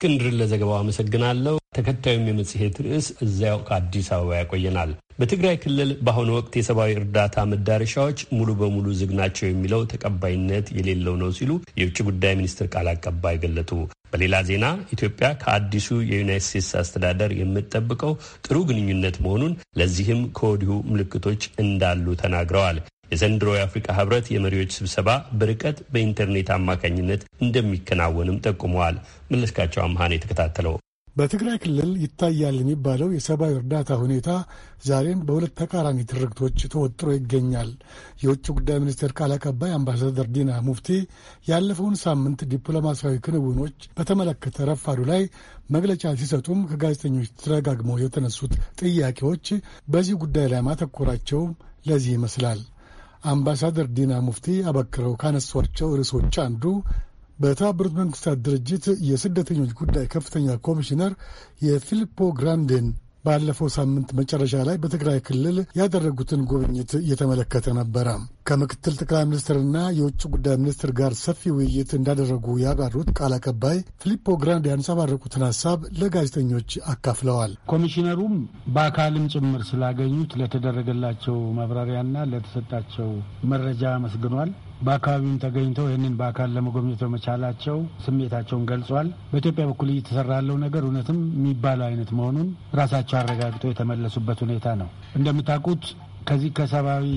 እስክንድርን ለዘገባው
አመሰግናለሁ። ተከታዩም የመጽሔት ርዕስ እዚያው ከአዲስ አበባ ያቆየናል። በትግራይ ክልል በአሁኑ ወቅት የሰብአዊ እርዳታ መዳረሻዎች ሙሉ በሙሉ ዝግ ናቸው የሚለው ተቀባይነት የሌለው ነው ሲሉ የውጭ ጉዳይ ሚኒስትር ቃል አቀባይ ገለጡ። በሌላ ዜና ኢትዮጵያ ከአዲሱ የዩናይት ስቴትስ አስተዳደር የምትጠብቀው ጥሩ ግንኙነት መሆኑን ለዚህም ከወዲሁ ምልክቶች እንዳሉ ተናግረዋል። የዘንድሮ የአፍሪካ ህብረት የመሪዎች ስብሰባ በርቀት በኢንተርኔት አማካኝነት እንደሚከናወንም ጠቁመዋል። መለስካቸው አምሃን የተከታተለው
በትግራይ ክልል ይታያል የሚባለው የሰብአዊ እርዳታ ሁኔታ ዛሬም በሁለት ተቃራኒ ትርክቶች ተወጥሮ ይገኛል። የውጭ ጉዳይ ሚኒስቴር ቃል አቀባይ አምባሳደር ዲና ሙፍቲ ያለፈውን ሳምንት ዲፕሎማሲያዊ ክንውኖች በተመለከተ ረፋዱ ላይ መግለጫ ሲሰጡም ከጋዜጠኞች ተደጋግመው የተነሱት ጥያቄዎች በዚህ ጉዳይ ላይ ማተኮራቸው ለዚህ ይመስላል። አምባሳደር ዲና ሙፍቲ አበክረው ካነሷቸው ርዕሶች አንዱ በተባበሩት መንግስታት ድርጅት የስደተኞች ጉዳይ ከፍተኛ ኮሚሽነር የፊሊፖ ግራንዴን ባለፈው ሳምንት መጨረሻ ላይ በትግራይ ክልል ያደረጉትን ጉብኝት እየተመለከተ ነበረ። ከምክትል ጠቅላይ ሚኒስትርና የውጭ ጉዳይ ሚኒስትር ጋር ሰፊ ውይይት እንዳደረጉ ያብራሩት ቃል አቀባይ ፊሊፖ ግራንድ ያንጸባረቁትን ሀሳብ ለጋዜጠኞች አካፍለዋል።
ኮሚሽነሩም በአካልም ጭምር ስላገኙት ለተደረገላቸው ማብራሪያና ለተሰጣቸው መረጃ አመስግኗል። በአካባቢውም ተገኝተው ይህንን በአካል ለመጎብኘት በመቻላቸው ስሜታቸውን ገልጿል። በኢትዮጵያ በኩል እየተሰራ ያለው ነገር እውነትም የሚባለው አይነት መሆኑን ራሳቸው አረጋግጠው የተመለሱበት ሁኔታ ነው። እንደምታውቁት ከዚህ ከሰብአዊ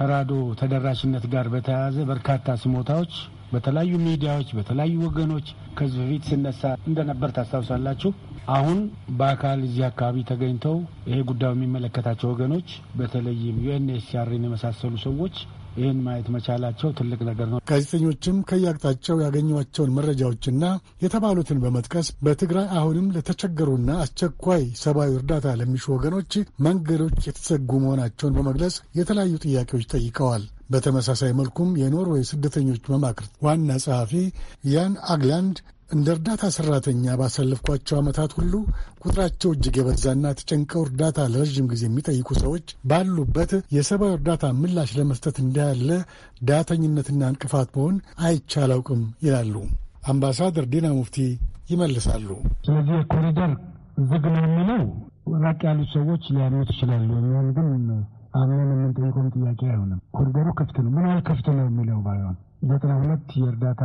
ተራዶ ተደራሽነት ጋር በተያያዘ በርካታ ስሞታዎች በተለያዩ ሚዲያዎች በተለያዩ ወገኖች ከዚህ በፊት ሲነሳ እንደነበር ታስታውሳላችሁ። አሁን በአካል እዚህ አካባቢ ተገኝተው ይሄ ጉዳዩ የሚመለከታቸው ወገኖች በተለይም ዩኤንኤችሲአርን የመሳሰሉ ሰዎች ይህን ማየት መቻላቸው ትልቅ ነገር ነው። ጋዜጠኞችም
ከየአቅጣጫው ያገኟቸውን መረጃዎችና የተባሉትን በመጥቀስ በትግራይ አሁንም ለተቸገሩና አስቸኳይ ሰብአዊ እርዳታ ለሚሹ ወገኖች መንገዶች የተዘጉ መሆናቸውን በመግለጽ የተለያዩ ጥያቄዎች ጠይቀዋል። በተመሳሳይ መልኩም የኖርዌይ ስደተኞች መማክርት ዋና ጸሐፊ ያን አግላንድ እንደ እርዳታ ሰራተኛ ባሳለፍኳቸው ዓመታት ሁሉ ቁጥራቸው እጅግ የበዛና ተጨንቀው እርዳታ ለረዥም ጊዜ የሚጠይቁ ሰዎች ባሉበት የሰብአዊ እርዳታ ምላሽ ለመስጠት እንዳያለ ዳተኝነትና እንቅፋት መሆን አይቻላውቅም ይላሉ። አምባሳደር ዲና ሙፍቲ ይመልሳሉ። ስለዚህ
የኮሪደር ዝግ ነው የሚለው
ራቅ ያሉት ሰዎች ሊያምኑት ይችላሉ። እኛን ግን አምነን የምንጠይቀውም ጥያቄ አይሆንም። ኮሪደሩ ክፍት ነው ምን ያህል ክፍት ነው የሚለው ባይሆን ዘጠና ሁለት የእርዳታ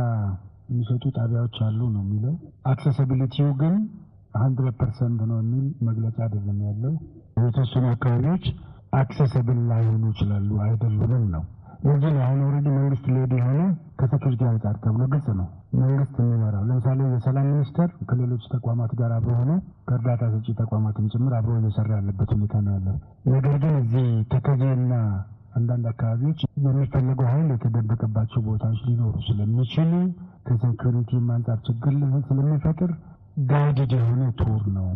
የሚሰጡ ጣቢያዎች አሉ ነው የሚለው። አክሰሲቢሊቲው ግን ሀንድረድ ፐርሰንት ነው የሚል መግለጫ አይደለም ያለው። የተወሰኑ አካባቢዎች አክሰስብል ላይሆኑ ይችላሉ አይደሉንም ነው እንጂ አሁን ኦልሬዲ መንግስት ሌድ የሆነ ከሴኪሪቲ አንጻር ተብሎ ግልጽ ነው። መንግስት የሚመራው ለምሳሌ የሰላም ሚኒስቴር ከሌሎች ተቋማት ጋር አብሮ ሆኖ ከእርዳታ ሰጪ ተቋማትም ጭምር አብሮ እየሰራ ያለበት ሁኔታ ነው ያለው። ነገር ግን እዚህ ተከዜና አንዳንድ አካባቢዎች የሚፈለገው ኃይል የተደበቀባቸው ቦታዎች ሊኖሩ ስለሚችሉ ከሴኩሪቲ አንጻር ችግር ስለሚፈጥር ጋይድድ የሆነ ቱር ነው።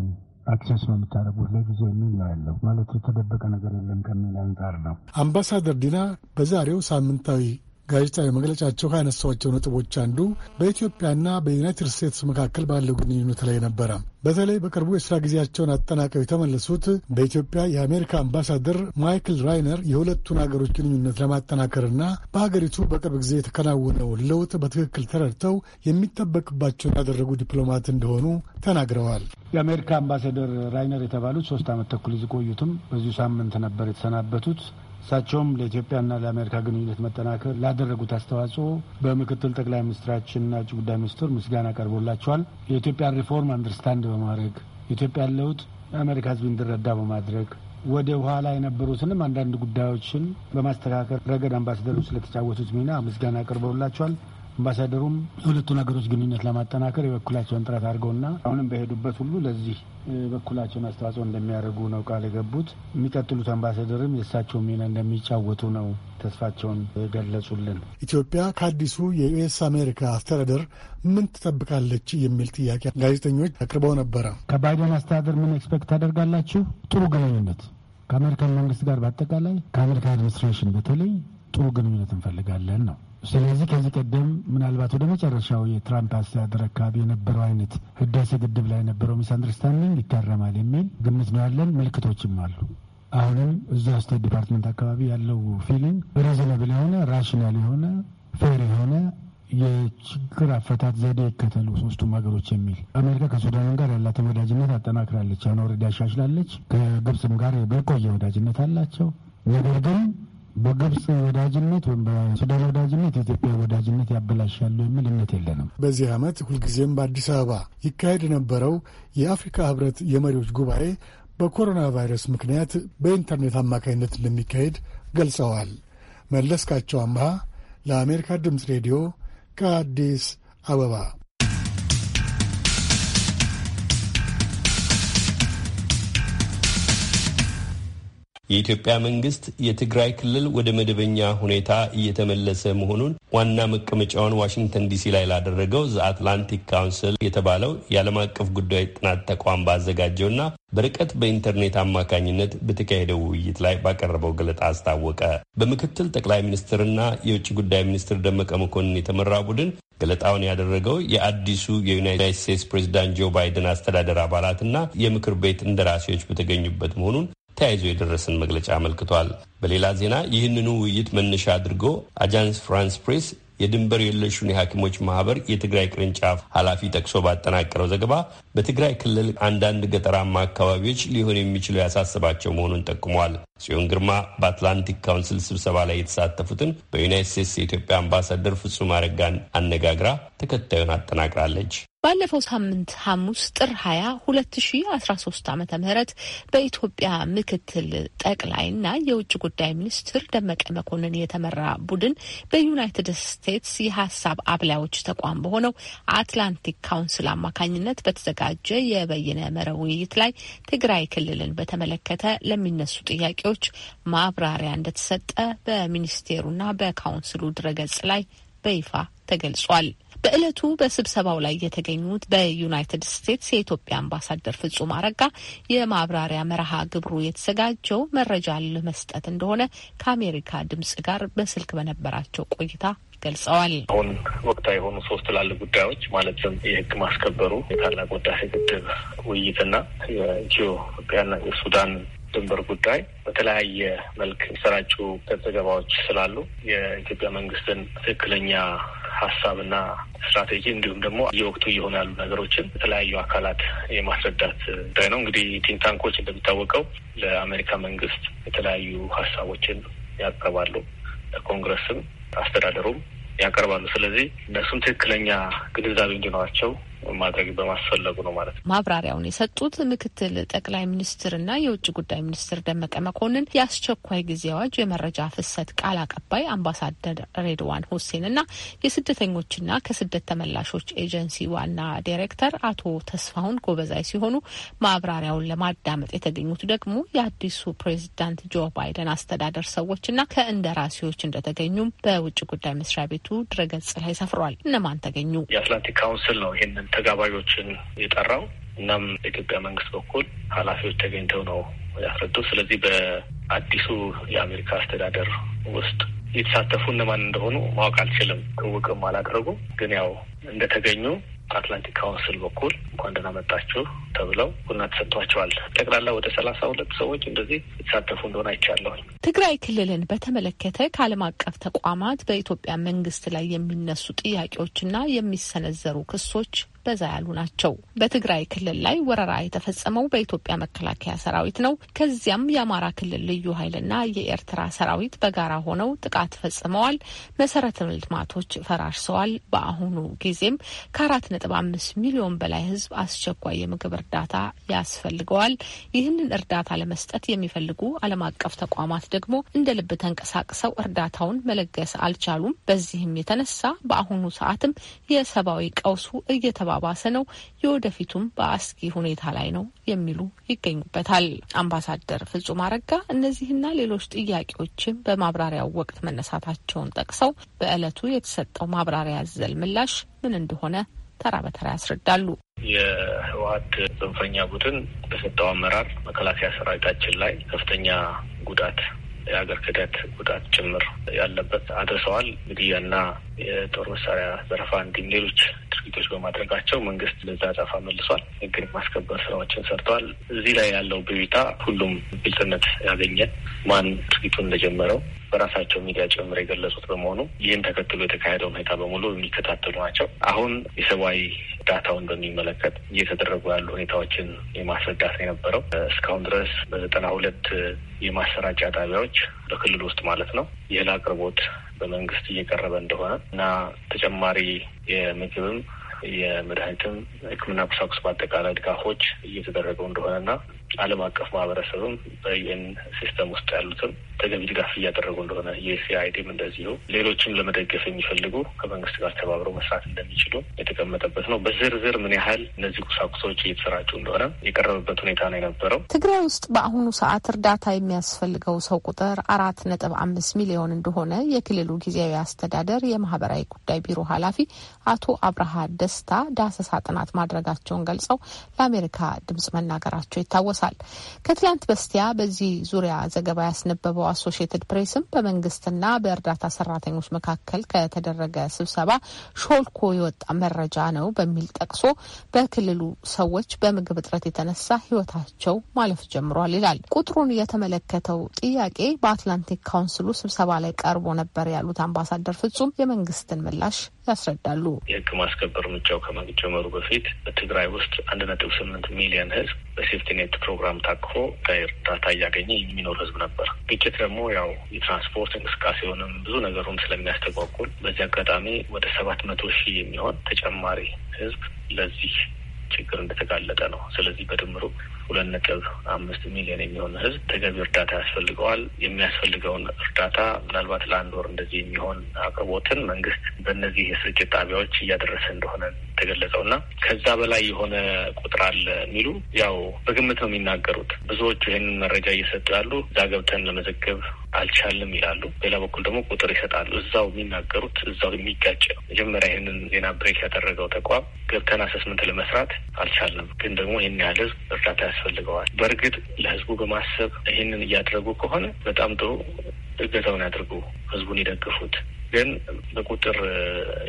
አክሴስ ነው የምታደርጉት ለጊዜ የሚል ነው ያለው። ማለት የተደበቀ ነገር የለም ከሚል
አንጻር ነው። አምባሳደር ዲና በዛሬው ሳምንታዊ ጋዜጣዊ መግለጫቸው ካነሷቸው ነጥቦች አንዱ በኢትዮጵያና በዩናይትድ ስቴትስ መካከል ባለው ግንኙነት ላይ ነበረ። በተለይ በቅርቡ የስራ ጊዜያቸውን አጠናቀው የተመለሱት በኢትዮጵያ የአሜሪካ አምባሳደር ማይክል ራይነር የሁለቱን አገሮች ግንኙነት ለማጠናከርና በሀገሪቱ በቅርብ ጊዜ የተከናወነውን ለውጥ በትክክል ተረድተው የሚጠበቅባቸውን ያደረጉ ዲፕሎማት እንደሆኑ ተናግረዋል።
የአሜሪካ አምባሳደር ራይነር የተባሉት ሶስት ዓመት ተኩል የቆዩትም በዚሁ ሳምንት ነበር የተሰናበቱት። እሳቸውም ለኢትዮጵያና ለአሜሪካ ግንኙነት መጠናከር ላደረጉት አስተዋጽኦ በምክትል ጠቅላይ ሚኒስትራችንና ውጭ ጉዳይ ሚኒስትር ምስጋና ቀርቦላቸዋል። የኢትዮጵያን ሪፎርም አንደርስታንድ በማድረግ የኢትዮጵያን ለውጥ የአሜሪካ ሕዝብ እንዲረዳ በማድረግ ወደ ኋላ የነበሩትንም አንዳንድ ጉዳዮችን በማስተካከል ረገድ አምባሳደሩ ስለተጫወቱት ሚና ምስጋና ቀርበውላቸዋል። አምባሳደሩም የሁለቱን ሀገሮች ግንኙነት ለማጠናከር የበኩላቸውን ጥረት አድርገውና አሁንም በሄዱበት ሁሉ ለዚህ በኩላቸውን አስተዋጽኦ እንደሚያደርጉ ነው ቃል የገቡት። የሚቀጥሉት አምባሳደርም የእሳቸው
ሚና እንደሚጫወቱ ነው ተስፋቸውን ገለጹልን። ኢትዮጵያ ከአዲሱ የዩኤስ አሜሪካ አስተዳደር ምን ትጠብቃለች የሚል ጥያቄ ጋዜጠኞች አቅርበው ነበረ። ከባይደን አስተዳደር ምን ኤክስፔክት ታደርጋላችሁ? ጥሩ ግንኙነት ከአሜሪካን መንግስት ጋር በአጠቃላይ
ከአሜሪካ አድሚኒስትሬሽን በተለይ ጥሩ ግንኙነት እንፈልጋለን ነው ስለዚህ ከዚህ ቀደም ምናልባት ወደ መጨረሻው የትራምፕ አስተዳደር አካባቢ የነበረው አይነት ህዳሴ ግድብ ላይ የነበረው ሚስ አንደርስታንዲንግ ይታረማል የሚል ግምት ነው ያለን። ምልክቶችም አሉ። አሁንም እዛ ስቴት ዲፓርትመንት አካባቢ ያለው ፊሊንግ ሬዝነብል የሆነ ራሽናል የሆነ ፌር የሆነ የችግር አፈታት ዘዴ ይከተሉ ሶስቱም ሀገሮች የሚል አሜሪካ ከሱዳንም ጋር ያላትን ወዳጅነት አጠናክራለች። አሁን ወረዳ ያሻሽላለች። ከግብፅም ጋር በቆየ ወዳጅነት አላቸው። ነገር ግን በግብጽ ወዳጅነት ወይም በሱዳን ወዳጅነት የኢትዮጵያ ወዳጅነት
ያበላሻሉ የሚል እምነት የለንም። በዚህ ዓመት ሁልጊዜም በአዲስ አበባ ይካሄድ የነበረው የአፍሪካ ህብረት የመሪዎች ጉባኤ በኮሮና ቫይረስ ምክንያት በኢንተርኔት አማካኝነት እንደሚካሄድ ገልጸዋል። መለስካቸው አምሃ ለአሜሪካ ድምፅ ሬዲዮ ከአዲስ አበባ
የኢትዮጵያ መንግስት የትግራይ ክልል ወደ መደበኛ ሁኔታ እየተመለሰ መሆኑን ዋና መቀመጫውን ዋሽንግተን ዲሲ ላይ ላደረገው ዘአትላንቲክ ካውንስል የተባለው የዓለም አቀፍ ጉዳዮች ጥናት ተቋም ባዘጋጀውና በርቀት በኢንተርኔት አማካኝነት በተካሄደው ውይይት ላይ ባቀረበው ገለጣ አስታወቀ። በምክትል ጠቅላይ ሚኒስትርና የውጭ ጉዳይ ሚኒስትር ደመቀ መኮንን የተመራ ቡድን ገለጣውን ያደረገው የአዲሱ የዩናይትድ ስቴትስ ፕሬዚዳንት ጆ ባይደን አስተዳደር አባላትና የምክር ቤት እንደራሴዎች በተገኙበት መሆኑን ተያይዞ የደረሰን መግለጫ አመልክቷል። በሌላ ዜና ይህንኑ ውይይት መነሻ አድርጎ አጃንስ ፍራንስ ፕሬስ የድንበር የለሹን የሐኪሞች ማህበር የትግራይ ቅርንጫፍ ኃላፊ ጠቅሶ ባጠናቀረው ዘገባ በትግራይ ክልል አንዳንድ ገጠራማ አካባቢዎች ሊሆን የሚችሉ ያሳስባቸው መሆኑን ጠቁሟል። ጽዮን ግርማ በአትላንቲክ ካውንስል ስብሰባ ላይ የተሳተፉትን በዩናይት ስቴትስ የኢትዮጵያ አምባሳደር ፍጹም አረጋን አነጋግራ ተከታዩን አጠናቅራለች።
ባለፈው ሳምንት ሐሙስ ጥር 20 2013 ዓ ም በኢትዮጵያ ምክትል ጠቅላይና የውጭ ጉዳይ ሚኒስትር ደመቀ መኮንን የተመራ ቡድን በዩናይትድ ስቴትስ የሀሳብ አብላዮች ተቋም በሆነው አትላንቲክ ካውንስል አማካኝነት በተዘጋጀ የበይነ መረብ ውይይት ላይ ትግራይ ክልልን በተመለከተ ለሚነሱ ጥያቄዎች ጉዳዮች ማብራሪያ እንደተሰጠ በሚኒስቴሩና በካውንስሉ ድረገጽ ላይ በይፋ ተገልጿል። በዕለቱ በስብሰባው ላይ የተገኙት በዩናይትድ ስቴትስ የኢትዮጵያ አምባሳደር ፍጹም አረጋ የማብራሪያ መርሃ ግብሩ የተዘጋጀው መረጃ ለመስጠት እንደሆነ ከአሜሪካ ድምጽ ጋር በስልክ በነበራቸው ቆይታ ገልጸዋል። አሁን
ወቅታዊ የሆኑ ሶስት ትላልቅ ጉዳዮች ማለትም የህግ ማስከበሩ፣ የታላቁ ሕዳሴ ግድብ ውይይትና የኢትዮጵያና የሱዳን ድንበር ጉዳይ በተለያየ መልክ የሚሰራጩ ዘገባዎች ስላሉ የኢትዮጵያ መንግስትን ትክክለኛ ሀሳብና ስትራቴጂ እንዲሁም ደግሞ የወቅቱ እየሆኑ ያሉ ነገሮችን የተለያዩ አካላት የማስረዳት ጉዳይ ነው። እንግዲህ ቲንታንኮች እንደሚታወቀው ለአሜሪካ መንግስት የተለያዩ ሀሳቦችን ያቀርባሉ። ለኮንግረስም አስተዳደሩም ያቀርባሉ። ስለዚህ እነሱም ትክክለኛ ግንዛቤ እንዲኖራቸው ማድረግ በማስፈለጉ ነው ማለት
ነው። ማብራሪያውን የሰጡት ምክትል ጠቅላይ ሚኒስትርና የውጭ ጉዳይ ሚኒስትር ደመቀ መኮንን የአስቸኳይ ጊዜ አዋጅ የመረጃ ፍሰት ቃል አቀባይ አምባሳደር ሬድዋን ሁሴንና የስደተኞችና ከስደት ተመላሾች ኤጀንሲ ዋና ዳይሬክተር አቶ ተስፋሁን ጎበዛይ ሲሆኑ ማብራሪያውን ለማዳመጥ የተገኙት ደግሞ የአዲሱ ፕሬዚዳንት ጆ ባይደን አስተዳደር ሰዎችና ከእንደራሴዎች እንደተገኙም በውጭ ጉዳይ መስሪያ ቤቱ ድረገጽ ላይ ሰፍሯል። እነማን ተገኙ?
የአትላንቲክ ካውንስል ነው ይህንን ተጋባዦችን የጠራው። እናም በኢትዮጵያ መንግስት በኩል ኃላፊዎች ተገኝተው ነው ያስረዱት። ስለዚህ በአዲሱ የአሜሪካ አስተዳደር ውስጥ የተሳተፉ እነማን እንደሆኑ ማወቅ አልችልም። ትውቅም አላደረጉም። ግን ያው እንደተገኙ ከአትላንቲክ ካውንስል በኩል እንኳን ደህና መጣችሁ ተብለው ቡና ተሰጥቷቸዋል። ጠቅላላ ወደ ሰላሳ ሁለት ሰዎች እንደዚህ የተሳተፉ እንደሆነ አይቻለሁ።
ትግራይ ክልልን በተመለከተ ከዓለም አቀፍ ተቋማት በኢትዮጵያ መንግስት ላይ የሚነሱ ጥያቄዎችና የሚሰነዘሩ ክሶች በዛ ያሉ ናቸው። በትግራይ ክልል ላይ ወረራ የተፈጸመው በኢትዮጵያ መከላከያ ሰራዊት ነው። ከዚያም የአማራ ክልል ልዩ ኃይልና የኤርትራ ሰራዊት በጋራ ሆነው ጥቃት ፈጽመዋል። መሰረተ ልማቶች ፈራርሰዋል። በአሁኑ ጊዜም ከአራት ነጥብ አምስት ሚሊዮን በላይ ህዝብ አስቸኳይ የምግብ እርዳታ ያስፈልገዋል። ይህንን እርዳታ ለመስጠት የሚፈልጉ ዓለም አቀፍ ተቋማት ደግሞ እንደ ልብ ተንቀሳቅሰው እርዳታውን መለገስ አልቻሉም። በዚህም የተነሳ በአሁኑ ሰዓትም የሰብአዊ ቀውሱ እየተባባሰ ነው፣ የወደፊቱም በአስጊ ሁኔታ ላይ ነው የሚሉ ይገኙበታል። አምባሳደር ፍጹም አረጋ እነዚህና ሌሎች ጥያቄዎችን በማብራሪያው ወቅት መነሳታቸውን ጠቅሰው በዕለቱ የተሰጠው ማብራሪያ ዘል ምላሽ ምን እንደሆነ ተራ በተራ ያስረዳሉ።
የህወሀት ጽንፈኛ ቡድን በሰጠው አመራር መከላከያ ሰራዊታችን ላይ ከፍተኛ ጉዳት
የሀገር ክህደት ጉዳት ጭምር ያለበት አድርሰዋል። ግድያና የጦር መሳሪያ
ዘረፋ እንዲሁም ሌሎች ድርጊቶች በማድረጋቸው መንግስት ለዛ ጠፋ መልሷል። ህግን ማስከበር ስራዎችን ሰርተዋል። እዚህ ላይ ያለው ብቢታ ሁሉም ግልጽነት ያገኘ ማን ድርጊቱን እንደጀመረው በራሳቸው ሚዲያ ጭምር የገለጹት በመሆኑ ይህን ተከትሎ የተካሄደው ሁኔታ በሙሉ የሚከታተሉ ናቸው። አሁን የሰብአዊ እርዳታውን በሚመለከት እየተደረጉ ያሉ ሁኔታዎችን የማስረዳት ነው የነበረው። እስካሁን ድረስ በዘጠና ሁለት የማሰራጫ ጣቢያዎች በክልል ውስጥ ማለት ነው የእህል አቅርቦት በመንግስት እየቀረበ እንደሆነ እና ተጨማሪ የምግብም የመድኃኒትም ሕክምና ቁሳቁስ በአጠቃላይ ድጋፎች እየተደረገው እንደሆነና ዓለም አቀፍ ማህበረሰብም በዩኤን ሲስተም ውስጥ ያሉትም ተገቢ ድጋፍ እያደረጉ እንደሆነ የሲአይዲም እንደዚሁ ሌሎችም ለመደገፍ የሚፈልጉ ከመንግስት ጋር ተባብረው መስራት እንደሚችሉ የተቀመጠበት ነው። በዝርዝር ምን ያህል እነዚህ ቁሳቁሶች እየተሰራጩ እንደሆነ የቀረበበት ሁኔታ ነው የነበረው።
ትግራይ ውስጥ በአሁኑ ሰዓት እርዳታ የሚያስፈልገው ሰው ቁጥር አራት ነጥብ አምስት ሚሊዮን እንደሆነ የክልሉ ጊዜያዊ አስተዳደር የማህበራዊ ጉዳይ ቢሮ ኃላፊ አቶ አብርሃ ደስታ ዳሰሳ ጥናት ማድረጋቸውን ገልጸው ለአሜሪካ ድምጽ መናገራቸው ይታወሳል። ከትላንት በስቲያ በዚህ ዙሪያ ዘገባ ያስነበበው አሶሽየትድ ፕሬስም በመንግስትና በእርዳታ ሰራተኞች መካከል ከተደረገ ስብሰባ ሾልኮ የወጣ መረጃ ነው በሚል ጠቅሶ በክልሉ ሰዎች በምግብ እጥረት የተነሳ ህይወታቸው ማለፍ ጀምሯል ይላል። ቁጥሩን የተመለከተው ጥያቄ በአትላንቲክ ካውንስሉ ስብሰባ ላይ ቀርቦ ነበር ያሉት አምባሳደር ፍጹም የመንግስትን ምላሽ ያስረዳሉ። የህግ ማስከበር እርምጃው ከመጀመሩ በፊት በትግራይ ውስጥ አንድ ነጥብ ስምንት ሚሊዮን ህዝብ
በሴፍቲኔት ፕሮግራም ታቅፎ እርዳታ እያገኘ የሚኖር ህዝብ ነበር። ግጭት ደግሞ ያው የትራንስፖርት እንቅስቃሴውንም ብዙ ነገሩን ስለሚያስተጓጉል በዚህ አጋጣሚ ወደ ሰባት መቶ ሺህ የሚሆን ተጨማሪ ህዝብ ለዚህ ችግር እንደተጋለጠ ነው። ስለዚህ በድምሩ ሁለት ነጥብ አምስት ሚሊዮን የሚሆን ህዝብ ተገቢ እርዳታ ያስፈልገዋል። የሚያስፈልገውን እርዳታ ምናልባት ለአንድ ወር እንደዚህ የሚሆን አቅርቦትን መንግስት በእነዚህ የስርጭት ጣቢያዎች እያደረሰ እንደሆነ ተገለጸው እና ከዛ በላይ የሆነ ቁጥር አለ የሚሉ ያው በግምት ነው የሚናገሩት። ብዙዎቹ ይህንን መረጃ እየሰጡ ያሉ እዛ ገብተን ለመዘገብ አልቻልም ይላሉ። ሌላ በኩል ደግሞ ቁጥር ይሰጣሉ። እዛው የሚናገሩት እዛው የሚጋጭ ነው። መጀመሪያ ይህንን ዜና ብሬክ ያደረገው ተቋም ገብተን አሰስመንት ለመስራት አልቻልም ግን ደግሞ ይህን ያህል ህዝብ እርዳታ ያስፈልገዋል። በእርግጥ ለህዝቡ በማሰብ ይህንን እያደረጉ ከሆነ በጣም ጥሩ እገዛውን ያድርጉ፣ ህዝቡን ይደግፉት። ግን በቁጥር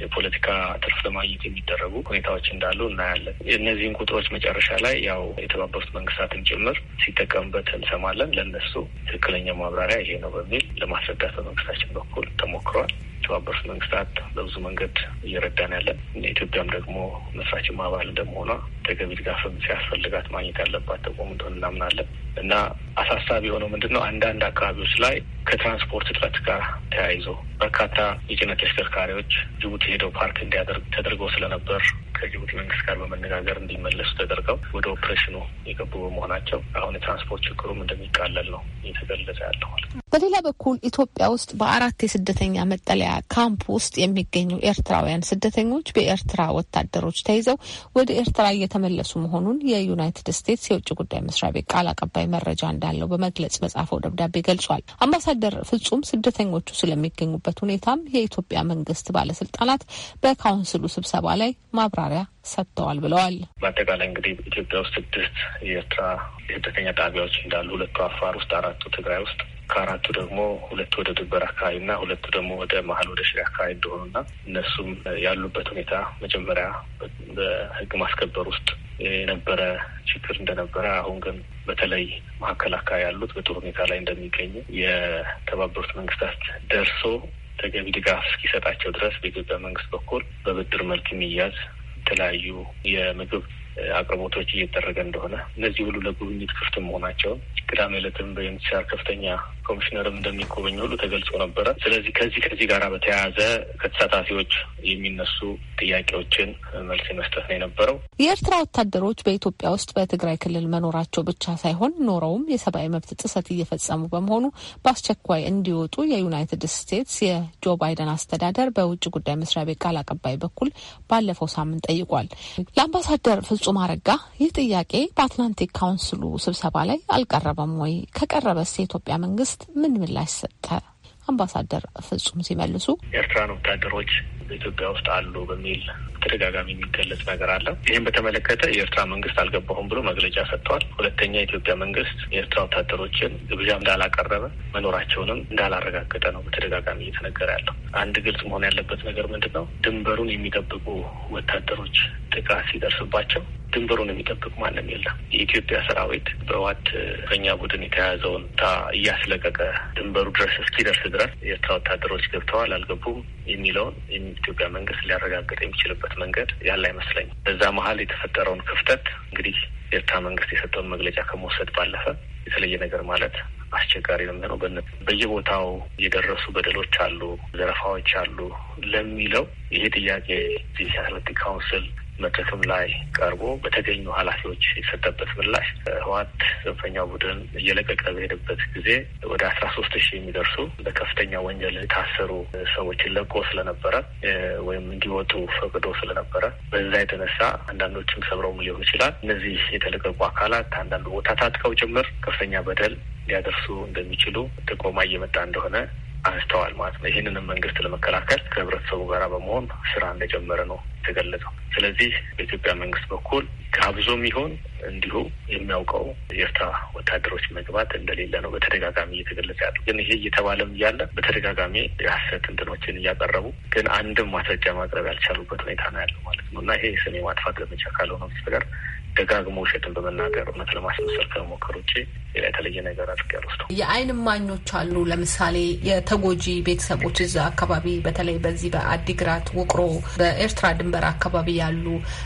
የፖለቲካ ትርፍ ለማግኘት የሚደረጉ ሁኔታዎች እንዳሉ እናያለን። እነዚህን ቁጥሮች መጨረሻ ላይ ያው የተባበሩት መንግስታትን ጭምር ሲጠቀምበት እንሰማለን። ለእነሱ ትክክለኛ ማብራሪያ ይሄ ነው በሚል ለማስረዳት በመንግስታችን በኩል ተሞክሯል። የተባበሩት መንግስታት በብዙ መንገድ እየረዳን ያለን ኢትዮጵያም ደግሞ መስራችም አባል እንደመሆኗ ተገቢ ድጋፍም ሲያስፈልጋት ማግኘት ያለባት ተቆም እንደሆነ እናምናለን እና አሳሳቢ የሆነው ምንድን ነው? አንዳንድ አካባቢዎች ላይ ከትራንስፖርት እጥረት ጋር ተያይዞ በርካታ የጭነት ተሽከርካሪዎች ጅቡቲ ሄደው ፓርክ
እንዲያደርግ ተደርገው ስለነበር ከጅቡቲ መንግስት ጋር በመነጋገር እንዲመለሱ ተደርገው ወደ ኦፕሬሽኑ
የገቡ በመሆናቸው አሁን የትራንስፖርት ችግሩም እንደሚቃለል ነው እየተገለጸ ያለዋል።
በሌላ በኩል ኢትዮጵያ ውስጥ በአራት የስደተኛ መጠለያ ካምፕ ውስጥ የሚገኙ ኤርትራውያን ስደተኞች በኤርትራ ወታደሮች ተይዘው ወደ ኤርትራ እየተመለሱ መሆኑን የዩናይትድ ስቴትስ የውጭ ጉዳይ መስሪያ ቤት ቃል አቀባይ መረጃ እንዳለው በመግለጽ በጻፈው ደብዳቤ ገልጿል። አምባሳደር ፍጹም ስደተኞቹ ስለሚገኙበት ሁኔታም የኢትዮጵያ መንግስት ባለስልጣናት በካውንስሉ ስብሰባ ላይ ማብራሪያ ሰጥተዋል ብለዋል።
በአጠቃላይ እንግዲህ ኢትዮጵያ ውስጥ ስድስት የኤርትራ የስደተኛ ጣቢያዎች እንዳሉ፣ ሁለቱ አፋር ውስጥ፣ አራቱ ትግራይ ውስጥ ከአራቱ ደግሞ ሁለቱ ወደ ድንበር አካባቢ እና ሁለቱ ደግሞ ወደ መሀል ወደ ሽሬ አካባቢ እንደሆኑና እነሱም ያሉበት ሁኔታ መጀመሪያ በህግ ማስከበር ውስጥ የነበረ ችግር እንደነበረ አሁን ግን በተለይ መካከል አካባቢ ያሉት በጥሩ ሁኔታ ላይ እንደሚገኙ የተባበሩት መንግስታት ደርሶ ተገቢ ድጋፍ እስኪሰጣቸው ድረስ በኢትዮጵያ መንግስት በኩል በብድር መልክ የሚያዝ የተለያዩ የምግብ አቅርቦቶች እየተደረገ እንደሆነ እነዚህ ሁሉ ለጉብኝት ክፍት መሆናቸውን ቅዳሜ ዕለትም በዩንስሳር ከፍተኛ ኮሚሽነርም እንደሚጎበኝ ሁሉ ተገልጾ ነበረ። ስለዚህ ከዚህ ከዚህ ጋር በተያያዘ ከተሳታፊዎች የሚነሱ ጥያቄዎችን መልስ መስጠት ነው የነበረው።
የኤርትራ ወታደሮች በኢትዮጵያ ውስጥ በትግራይ ክልል መኖራቸው ብቻ ሳይሆን ኖረውም የሰብአዊ መብት ጥሰት እየፈጸሙ በመሆኑ በአስቸኳይ እንዲወጡ የዩናይትድ ስቴትስ የጆ ባይደን አስተዳደር በውጭ ጉዳይ መስሪያ ቤት ቃል አቀባይ በኩል ባለፈው ሳምንት ጠይቋል። ለአምባሳደር ፍጹም አረጋ ይህ ጥያቄ በአትላንቲክ ካውንስሉ ስብሰባ ላይ አልቀረበም ወይ? ከቀረበስ የኢትዮጵያ መንግስት መንግስት ምን ምላሽ ሰጠ? አምባሳደር ፍጹም ሲመልሱ
ኤርትራን ወታደሮች ኢትዮጵያ ውስጥ አሉ በሚል ተደጋጋሚ የሚገለጽ ነገር አለ። ይህም በተመለከተ የኤርትራ መንግስት አልገባሁም ብሎ መግለጫ ሰጥተዋል። ሁለተኛ የኢትዮጵያ መንግስት የኤርትራ ወታደሮችን ግብዣ እንዳላቀረበ መኖራቸውንም እንዳላረጋገጠ ነው በተደጋጋሚ እየተነገረ ያለው። አንድ ግልጽ መሆን ያለበት ነገር ምንድን ነው? ድንበሩን የሚጠብቁ ወታደሮች ጥቃት ሲደርስባቸው ድንበሩን የሚጠብቅ ማንም የለም። የኢትዮጵያ ሰራዊት በዋት በኛ ቡድን የተያዘውን ታ እያስለቀቀ ድንበሩ ድረስ እስኪደርስ ድረስ የኤርትራ ወታደሮች ገብተዋል አልገቡም የሚለውን የኢትዮጵያ መንግስት ሊያረጋግጥ የሚችልበት መንገድ ያለ አይመስለኝም። በዛ መሀል የተፈጠረውን ክፍተት እንግዲህ ኤርትራ መንግስት የሰጠውን መግለጫ ከመውሰድ ባለፈ የተለየ ነገር ማለት አስቸጋሪ ነው የሚሆነው። በነ በየቦታው የደረሱ በደሎች አሉ፣ ዘረፋዎች አሉ ለሚለው ይሄ ጥያቄ የዚህ ካውንስል መድረክም ላይ ቀርቦ በተገኙ ኃላፊዎች የሰጠበት ምላሽ ህወሓት ጽንፈኛው ቡድን እየለቀቀ በሄደበት ጊዜ ወደ አስራ ሶስት ሺህ የሚደርሱ በከፍተኛ ወንጀል የታሰሩ ሰዎችን ለቆ ስለነበረ ወይም እንዲወጡ ፈቅዶ ስለነበረ በዛ የተነሳ አንዳንዶችም ሰብረውም ሊሆን ይችላል። እነዚህ የተለቀቁ አካላት አንዳንዱ ቦታ ታጥቀው ጭምር ከፍተኛ በደል ሊያደርሱ እንደሚችሉ ጥቆማ እየመጣ እንደሆነ አንስተዋል ማለት ነው። ይህንንም መንግስት ለመከላከል ከህብረተሰቡ ጋራ በመሆን ስራ እንደጀመረ ነው የተገለጸው። ስለዚህ በኢትዮጵያ መንግስት በኩል ከአብዞም ይሆን እንዲሁ የሚያውቀው የኤርትራ ወታደሮች መግባት እንደሌለ ነው በተደጋጋሚ እየተገለጸ ያሉ። ግን ይሄ እየተባለም እያለ በተደጋጋሚ የሀሰት እንትኖችን እያቀረቡ ግን አንድም ማስረጃ ማቅረብ ያልቻሉበት ሁኔታ ነው ያለው ማለት ነው እና ይሄ ስም የማጥፋት ዘመቻ ካልሆነ በስተቀር ደጋግሞ ውሸትን በመናገር እውነት ለማስመሰል ከሞከር ውጭ የተለየ ነገር አድርገር ውስጥ
የአይን እማኞች አሉ። ለምሳሌ የተጎጂ ቤተሰቦች እዛ አካባቢ በተለይ በዚህ በአዲግራት ውቅሮ፣ በኤርትራ ድንበር አካባቢ ያሉ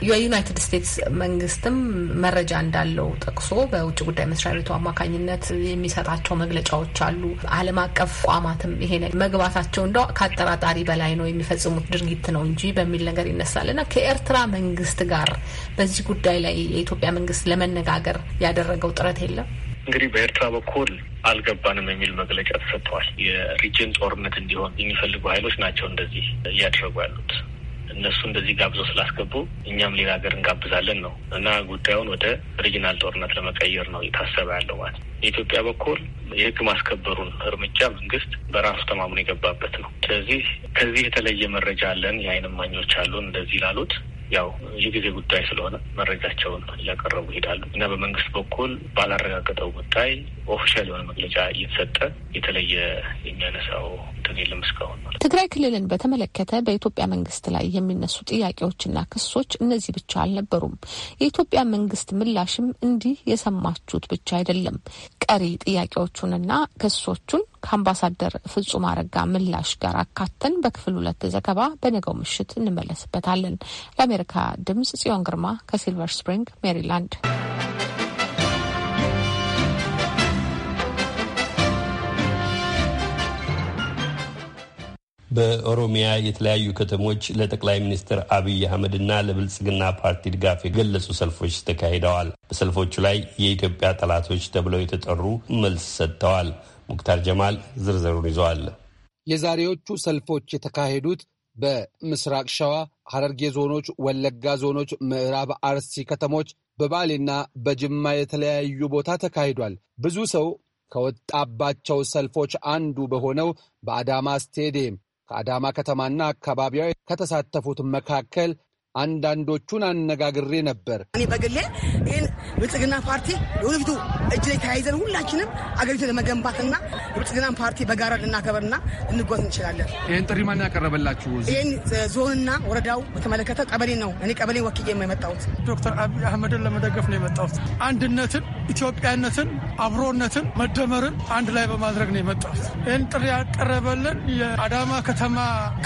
የዩናይትድ ስቴትስ መንግስትም መረጃ እንዳለው ጠቅሶ በውጭ ጉዳይ መስሪያ ቤቱ አማካኝነት የሚሰጣቸው መግለጫዎች አሉ። ዓለም አቀፍ ተቋማትም ይሄ መግባታቸው እንደው ከአጠራጣሪ በላይ ነው የሚፈጽሙት ድርጊት ነው እንጂ በሚል ነገር ይነሳል እና ከኤርትራ መንግስት ጋር በዚህ ጉዳይ ላይ የኢትዮጵያ መንግስት ለመነጋገር ያደረገው ጥረት የለም?
እንግዲህ በኤርትራ በኩል አልገባንም የሚል መግለጫ ተሰጥተዋል። የሪጅን ጦርነት እንዲሆን የሚፈልጉ ሀይሎች ናቸው እንደዚህ እያደረጉ ያሉት። እነሱ እንደዚህ ጋብዞ ስላስገቡ እኛም ሌላ ሀገር እንጋብዛለን ነው እና ጉዳዩን ወደ ሪጅናል ጦርነት ለመቀየር ነው የታሰበ ያለው ማለት ነው። የኢትዮጵያ በኩል የህግ ማስከበሩን እርምጃ መንግስት በራሱ ተማምኖ የገባበት ነው። ስለዚህ ከዚህ የተለየ መረጃ አለን፣ የአይን እማኞች አሉን እንደዚህ ላሉት ያው የጊዜ ጉዳይ ስለሆነ መረጃቸውን እያቀረቡ ይሄዳሉ እና በመንግስት በኩል ባላረጋገጠው ጉዳይ ኦፊሻል የሆነ መግለጫ እየተሰጠ የተለየ የሚያነሳው እንትን የለም እስካሁን
ማለት። ትግራይ ክልልን በተመለከተ በኢትዮጵያ መንግስት ላይ የሚነሱ ጥያቄዎችና ክሶች እነዚህ ብቻ አልነበሩም። የኢትዮጵያ መንግስት ምላሽም እንዲህ የሰማችሁት ብቻ አይደለም። ቀሪ ጥያቄዎቹንና ክሶቹን ከአምባሳደር ፍጹም አረጋ ምላሽ ጋር አካተን በክፍል ሁለት ዘገባ በነገው ምሽት እንመለስበታለን። ለአሜሪካ ድምጽ ጽዮን ግርማ ከሲልቨር ስፕሪንግ ሜሪላንድ።
በኦሮሚያ የተለያዩ ከተሞች ለጠቅላይ ሚኒስትር አብይ አህመድና ለብልጽግና ፓርቲ ድጋፍ የገለጹ ሰልፎች ተካሂደዋል። በሰልፎቹ ላይ የኢትዮጵያ ጠላቶች ተብለው የተጠሩ መልስ ሰጥተዋል። ሙክታር ጀማል ዝርዝሩን ይዘዋል።
የዛሬዎቹ ሰልፎች የተካሄዱት በምስራቅ ሸዋ፣ ሐረርጌ ዞኖች፣ ወለጋ ዞኖች፣ ምዕራብ አርሲ ከተሞች፣ በባሌና በጅማ የተለያዩ ቦታ ተካሂዷል። ብዙ ሰው ከወጣባቸው ሰልፎች አንዱ በሆነው በአዳማ ስቴዲየም ከአዳማ ከተማና አካባቢዋ ከተሳተፉት መካከል አንዳንዶቹን አነጋግሬ ነበር።
እኔ በግሌ ይህን ብልጽግና ፓርቲ የወደፊቱ እጅ ላይ ተያይዘን ሁላችንም አገሪቱ ለመገንባትና የብልጽግና ፓርቲ በጋራ ልናከበርና ልንጓዝ እንችላለን።
ይህን ጥሪ ማን ያቀረበላችሁ? ይህን
ዞንና ወረዳው በተመለከተ ቀበሌ ነው። እኔ ቀበሌ ወኪዬ የመጣሁት ዶክተር አብይ አህመድን ለመደገፍ ነው የመጣሁት። አንድነትን፣
ኢትዮጵያነትን፣ አብሮነትን፣ መደመርን አንድ ላይ በማድረግ ነው የመጣሁት። ይህን ጥሪ ያቀረበልን የአዳማ ከተማ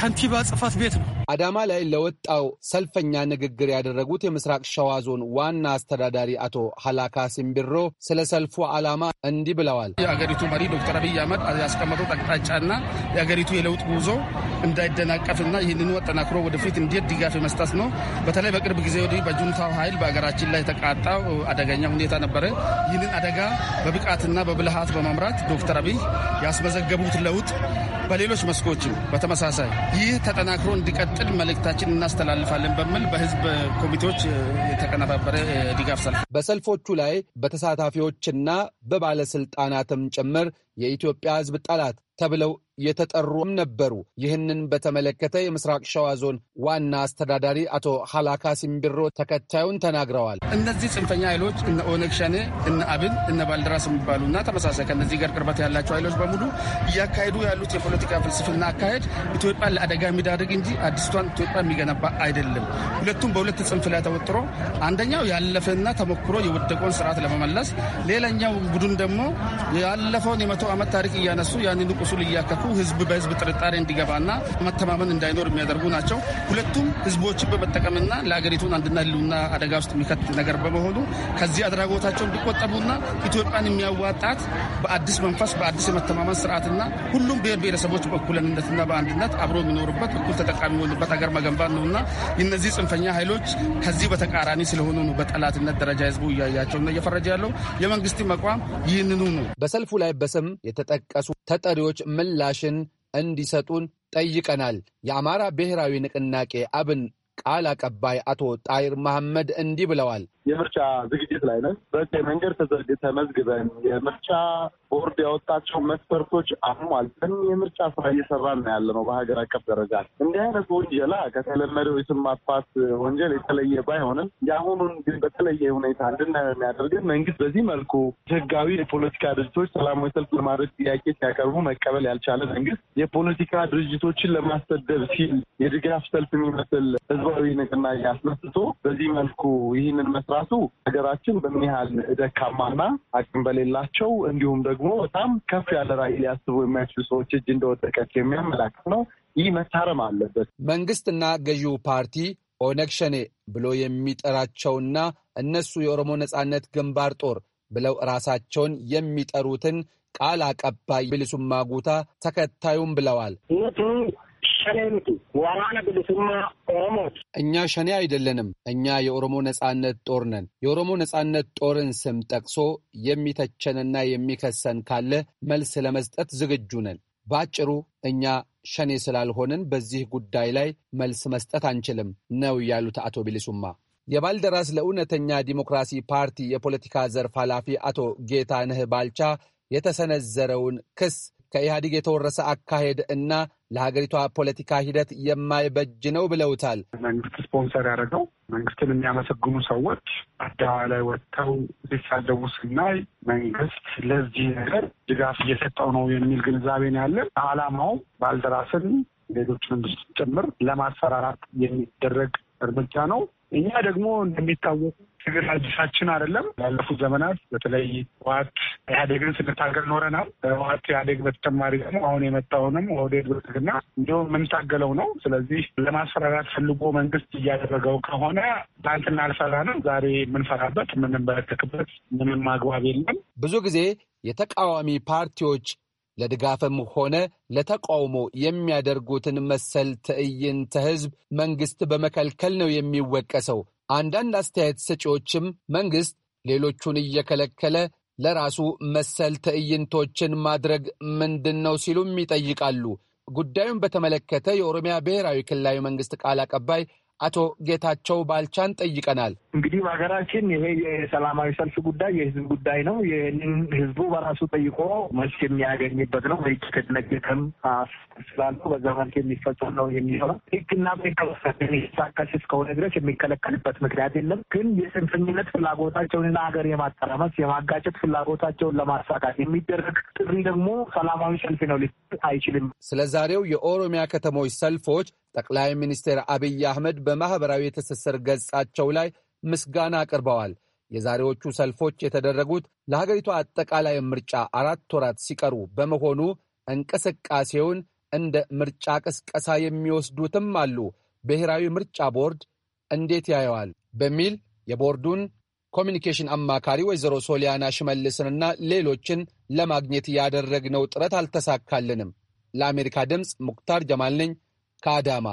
ከንቲባ ጽህፈት ቤት ነው። አዳማ ላይ ለወጣው ሰልፈኛ ንግግር ያደረጉት የምስራቅ ሸዋ ዞን ዋና አስተዳዳሪ አቶ ሀላካ
ሲምቢሮ ስለ ሰልፉ ዓላማ እንዲህ ብለዋል። የአገሪቱ መሪ ዶክተር አብይ አህመድ ያስቀመጡት አቅጣጫና የአገሪቱ የለውጥ ጉዞ እንዳይደናቀፍና ይህንኑ አጠናክሮ ወደፊት እንዴት ድጋፍ የመስጠት ነው። በተለይ በቅርብ ጊዜ ወዲህ በጁንታው ኃይል በሀገራችን ላይ የተቃጣ አደገኛ ሁኔታ ነበረ። ይህንን አደጋ በብቃትና በብልሃት በመምራት ዶክተር አብይ ያስመዘገቡት ለውጥ በሌሎች መስኮችም በተመሳሳይ ይህ ተጠናክሮ እንዲቀጥል እንድንቀጥል መልእክታችን እናስተላልፋለን በሚል በህዝብ ኮሚቴዎች የተቀነባበረ ድጋፍ ሰልፍ። በሰልፎቹ ላይ
በተሳታፊዎችና በባለስልጣናትም ጭምር የኢትዮጵያ ህዝብ ጠላት ተብለው የተጠሩም ነበሩ። ይህንን በተመለከተ የምስራቅ ሸዋ ዞን ዋና አስተዳዳሪ አቶ ሀላካ ሲምቢሮ ተከታዩን ተናግረዋል።
እነዚህ ጽንፈኛ ኃይሎች እነ ኦነግ ሸኔ፣ እነ አብን፣ እነ ባልደራስ የሚባሉ እና ተመሳሳይ ከነዚህ ጋር ቅርበት ያላቸው ኃይሎች በሙሉ እያካሄዱ ያሉት የፖለቲካ ፍልስፍና አካሄድ ኢትዮጵያን ለአደጋ የሚዳርግ እንጂ አዲስቷን ኢትዮጵያ የሚገነባ አይደለም። ሁለቱም በሁለት ጽንፍ ላይ ተወጥሮ አንደኛው ያለፈና ተሞክሮ የወደቀውን ስርዓት ለመመለስ፣ ሌላኛው ቡድን ደግሞ ያለፈውን የመቶ ዓመት ታሪክ እያነሱ ያንን እነሱን እያከፉ ህዝብ በህዝብ ጥርጣሬ እንዲገባና መተማመን እንዳይኖር የሚያደርጉ ናቸው። ሁለቱም ህዝቦችን በመጠቀምና ለሀገሪቱን አንድና ህልውና አደጋ ውስጥ የሚከት ነገር በመሆኑ ከዚህ አድራጎታቸው እንዲቆጠቡና ኢትዮጵያን የሚያዋጣት በአዲስ መንፈስ በአዲስ የመተማመን ስርዓትና ሁሉም ብሔር ብሔረሰቦች በእኩልነትና በአንድነት አብሮ የሚኖሩበት እኩል ተጠቃሚ የሆኑበት ሀገር መገንባት ነውና እነዚህ ጽንፈኛ ኃይሎች ከዚህ በተቃራኒ ስለሆኑ ነው በጠላትነት ደረጃ ህዝቡ እያያቸውና እየፈረጀ ያለው። የመንግስት መቋም ይህንኑ ነው። በሰልፉ ላይ በስም የተጠቀሱ ተጠሪዎች
ምላሽን እንዲሰጡን ጠይቀናል። የአማራ ብሔራዊ ንቅናቄ አብን ቃል አቀባይ አቶ ጣይር መሐመድ እንዲህ ብለዋል።
የምርጫ ዝግጅት ላይ ነን። በዚህ መንገድ ተመዝግበን የምርጫ ቦርድ ያወጣቸው መስፈርቶች አሟልተን የምርጫ ስራ እየሰራ ነው ያለ ነው። በሀገር አቀፍ ደረጃ እንዲህ አይነት ወንጀላ ከተለመደው የስም ማጥፋት ወንጀል የተለየ ባይሆንም የአሁኑን ግን በተለየ ሁኔታ እንድናየው የሚያደርገን መንግስት በዚህ መልኩ ህጋዊ የፖለቲካ ድርጅቶች ሰላማዊ ሰልፍ ለማድረግ ጥያቄ ሲያቀርቡ መቀበል ያልቻለ መንግስት የፖለቲካ ድርጅቶችን ለማሰደብ ሲል የድጋፍ ሰልፍ የሚመስል ህዝባዊ ንቅናቄ አስነስቶ በዚህ መልኩ ይህንን መስ ራሱ ሀገራችን በምን ያህል
ደካማና አቅም በሌላቸው እንዲሁም ደግሞ በጣም ከፍ ያለ ራዕይ ሊያስቡ የማይችሉ ሰዎች እጅ እንደወደቀች የሚያመላክት ነው። ይህ መታረም አለበት። መንግስትና ገዢው ፓርቲ ኦነግ ሸኔ ብሎ የሚጠራቸውና እነሱ የኦሮሞ ነጻነት ግንባር ጦር ብለው ራሳቸውን የሚጠሩትን ቃል አቀባይ ቢልሱማ ጉታ ተከታዩም ብለዋል። ሸኔ ምቱ ብልስማ እኛ ሸኔ አይደለንም። እኛ የኦሮሞ ነጻነት ጦር ነን። የኦሮሞ ነጻነት ጦርን ስም ጠቅሶ የሚተቸንና የሚከሰን ካለ መልስ ለመስጠት ዝግጁ ነን። በአጭሩ እኛ ሸኔ ስላልሆንን በዚህ ጉዳይ ላይ መልስ መስጠት አንችልም ነው ያሉት አቶ ቢሊሱማ። የባልደራስ ለእውነተኛ ዲሞክራሲ ፓርቲ የፖለቲካ ዘርፍ ኃላፊ አቶ ጌታነህ ባልቻ የተሰነዘረውን ክስ ከኢህአዲግ የተወረሰ አካሄድ እና ለሀገሪቷ ፖለቲካ ሂደት የማይበጅ ነው ብለውታል። መንግስት ስፖንሰር ያደረገው
መንግስትን የሚያመሰግኑ ሰዎች አደባባይ ላይ ወጥተው ሲሳደቡ ስናይ መንግስት ለዚህ ነገር ድጋፍ እየሰጠው ነው የሚል ግንዛቤን ያለን አላማው ባልደራስን ሌሎችንም ጭምር ለማስፈራራት የሚደረግ እርምጃ ነው። እኛ ደግሞ እንደሚታወቁ ትግል አዲሳችን አይደለም። ላለፉት ዘመናት በተለይ ህወሓት ኢህአዴግን ስንታገል ኖረናል። ህወሓት ኢህአዴግ በተጨማሪ ደግሞ አሁን የመጣውንም ኦህዴድ ብልጽግና እንዲሁም የምንታገለው ነው። ስለዚህ ለማስፈራራት ፈልጎ መንግስት
እያደረገው ከሆነ ትናንትና አልፈራንም። ዛሬ የምንፈራበት የምንበረከክበት ምንም አግባብ የለም። ብዙ ጊዜ የተቃዋሚ ፓርቲዎች ለድጋፍም ሆነ ለተቃውሞ የሚያደርጉትን መሰል ትዕይንተ ህዝብ መንግስት በመከልከል ነው የሚወቀሰው። አንዳንድ አስተያየት ሰጪዎችም መንግሥት ሌሎቹን እየከለከለ ለራሱ መሰል ትዕይንቶችን ማድረግ ምንድን ነው ሲሉም ይጠይቃሉ። ጉዳዩን በተመለከተ የኦሮሚያ ብሔራዊ ክልላዊ መንግሥት ቃል አቀባይ አቶ ጌታቸው ባልቻን ጠይቀናል።
እንግዲህ በሀገራችን ይሄ የሰላማዊ ሰልፍ ጉዳይ የህዝብ ጉዳይ ነው። ይህንን ህዝቡ በራሱ ጠይቆ መልስ የሚያገኝበት ነው። በህግ ከተነገተም ስላለው በዛ መልክ የሚፈጸም ነው የሚሆነው። ህግና በህግ ሳካስ እስከሆነ ድረስ የሚከለከልበት ምክንያት የለም። ግን የጽንፈኝነት ፍላጎታቸውንና ሀገር የማጠራመስ
የማጋጨት ፍላጎታቸውን ለማሳካት የሚደረግ ጥሪ ደግሞ ሰላማዊ ሰልፍ ነው ሊ አይችልም። ስለ ዛሬው የኦሮሚያ ከተሞች ሰልፎች ጠቅላይ ሚኒስትር አብይ አህመድ በማኅበራዊ የትስስር ገጻቸው ላይ ምስጋና አቅርበዋል። የዛሬዎቹ ሰልፎች የተደረጉት ለሀገሪቷ አጠቃላይ ምርጫ አራት ወራት ሲቀሩ በመሆኑ እንቅስቃሴውን እንደ ምርጫ ቅስቀሳ የሚወስዱትም አሉ። ብሔራዊ ምርጫ ቦርድ እንዴት ያየዋል በሚል የቦርዱን ኮሚኒኬሽን አማካሪ ወይዘሮ ሶሊያና ሽመልስንና ሌሎችን ለማግኘት ያደረግነው ጥረት አልተሳካልንም። ለአሜሪካ ድምፅ ሙክታር ጀማል ነኝ ከአዳማ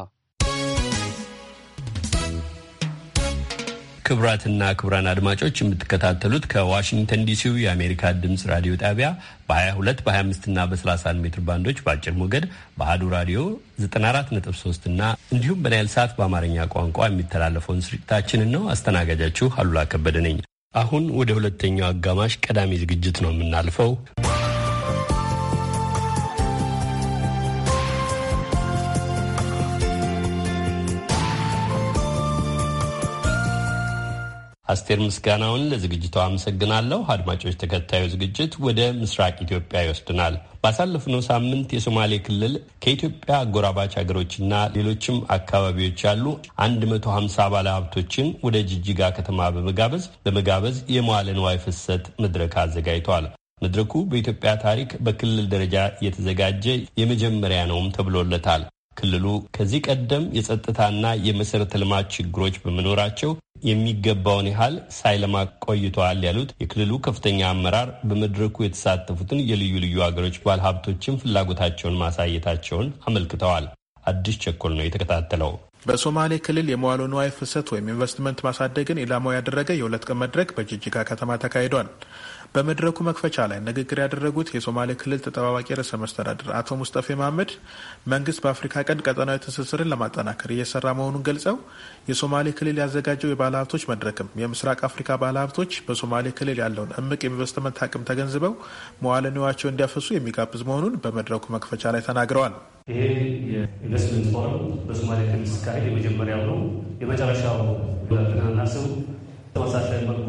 ክቡራትና ክቡራን አድማጮች የምትከታተሉት ከዋሽንግተን ዲሲው የአሜሪካ ድምፅ ራዲዮ ጣቢያ በ22 በ25ና በ31 ሜትር ባንዶች በአጭር ሞገድ በአሀዱ ራዲዮ 94.3 እና እንዲሁም በናይል ሰዓት በአማርኛ ቋንቋ የሚተላለፈውን ስርጭታችንን ነው። አስተናጋጃችሁ አሉላ ከበደ ነኝ። አሁን ወደ ሁለተኛው አጋማሽ ቀዳሚ ዝግጅት ነው የምናልፈው። አስቴር ምስጋናውን ለዝግጅቷ አመሰግናለሁ። አድማጮች፣ ተከታዩ ዝግጅት ወደ ምስራቅ ኢትዮጵያ ይወስድናል። ባሳለፍነው ሳምንት የሶማሌ ክልል ከኢትዮጵያ አጎራባች ሀገሮችና ሌሎችም አካባቢዎች ያሉ 150 ባለሀብቶችን ወደ ጅጅጋ ከተማ በመጋበዝ ለመጋበዝ የመዋለ ንዋይ ፍሰት መድረክ አዘጋጅቷል። መድረኩ በኢትዮጵያ ታሪክ በክልል ደረጃ የተዘጋጀ የመጀመሪያ ነውም ተብሎለታል። ክልሉ ከዚህ ቀደም የጸጥታና የመሰረተ ልማት ችግሮች በመኖራቸው የሚገባውን ያህል ሳይለማ ቆይተዋል ያሉት የክልሉ ከፍተኛ አመራር በመድረኩ የተሳተፉትን የልዩ ልዩ ሀገሮች ባለሀብቶችም ፍላጎታቸውን ማሳየታቸውን አመልክተዋል። አዲስ ቸኮል ነው የተከታተለው።
በሶማሌ ክልል የመዋሎ ንዋይ ፍሰት ወይም ኢንቨስትመንት ማሳደግን ኢላማው ያደረገ የሁለት ቀን መድረክ በጅጅጋ ከተማ ተካሂዷል። በመድረኩ መክፈቻ ላይ ንግግር ያደረጉት የሶማሌ ክልል ተጠባባቂ ርዕሰ መስተዳድር አቶ ሙስጠፌ መሀመድ መንግስት በአፍሪካ ቀንድ ቀጠናዊ ትስስርን ለማጠናከር እየሰራ መሆኑን ገልጸው የሶማሌ ክልል ያዘጋጀው የባለሀብቶች መድረክም የምስራቅ አፍሪካ ባለሀብቶች በሶማሌ ክልል ያለውን እምቅ የኢንቨስትመንት አቅም ተገንዝበው መዋለ ንዋያቸው እንዲያፈሱ የሚጋብዝ መሆኑን በመድረኩ መክፈቻ ላይ ተናግረዋል።
ይሄ የኢንቨስትመንት ፎረም በሶማሌ ክልል ሲካሄድ የመጀመሪያው ነው። የመጨረሻው ብለን አናስብም። ተመሳሳይ መልኩ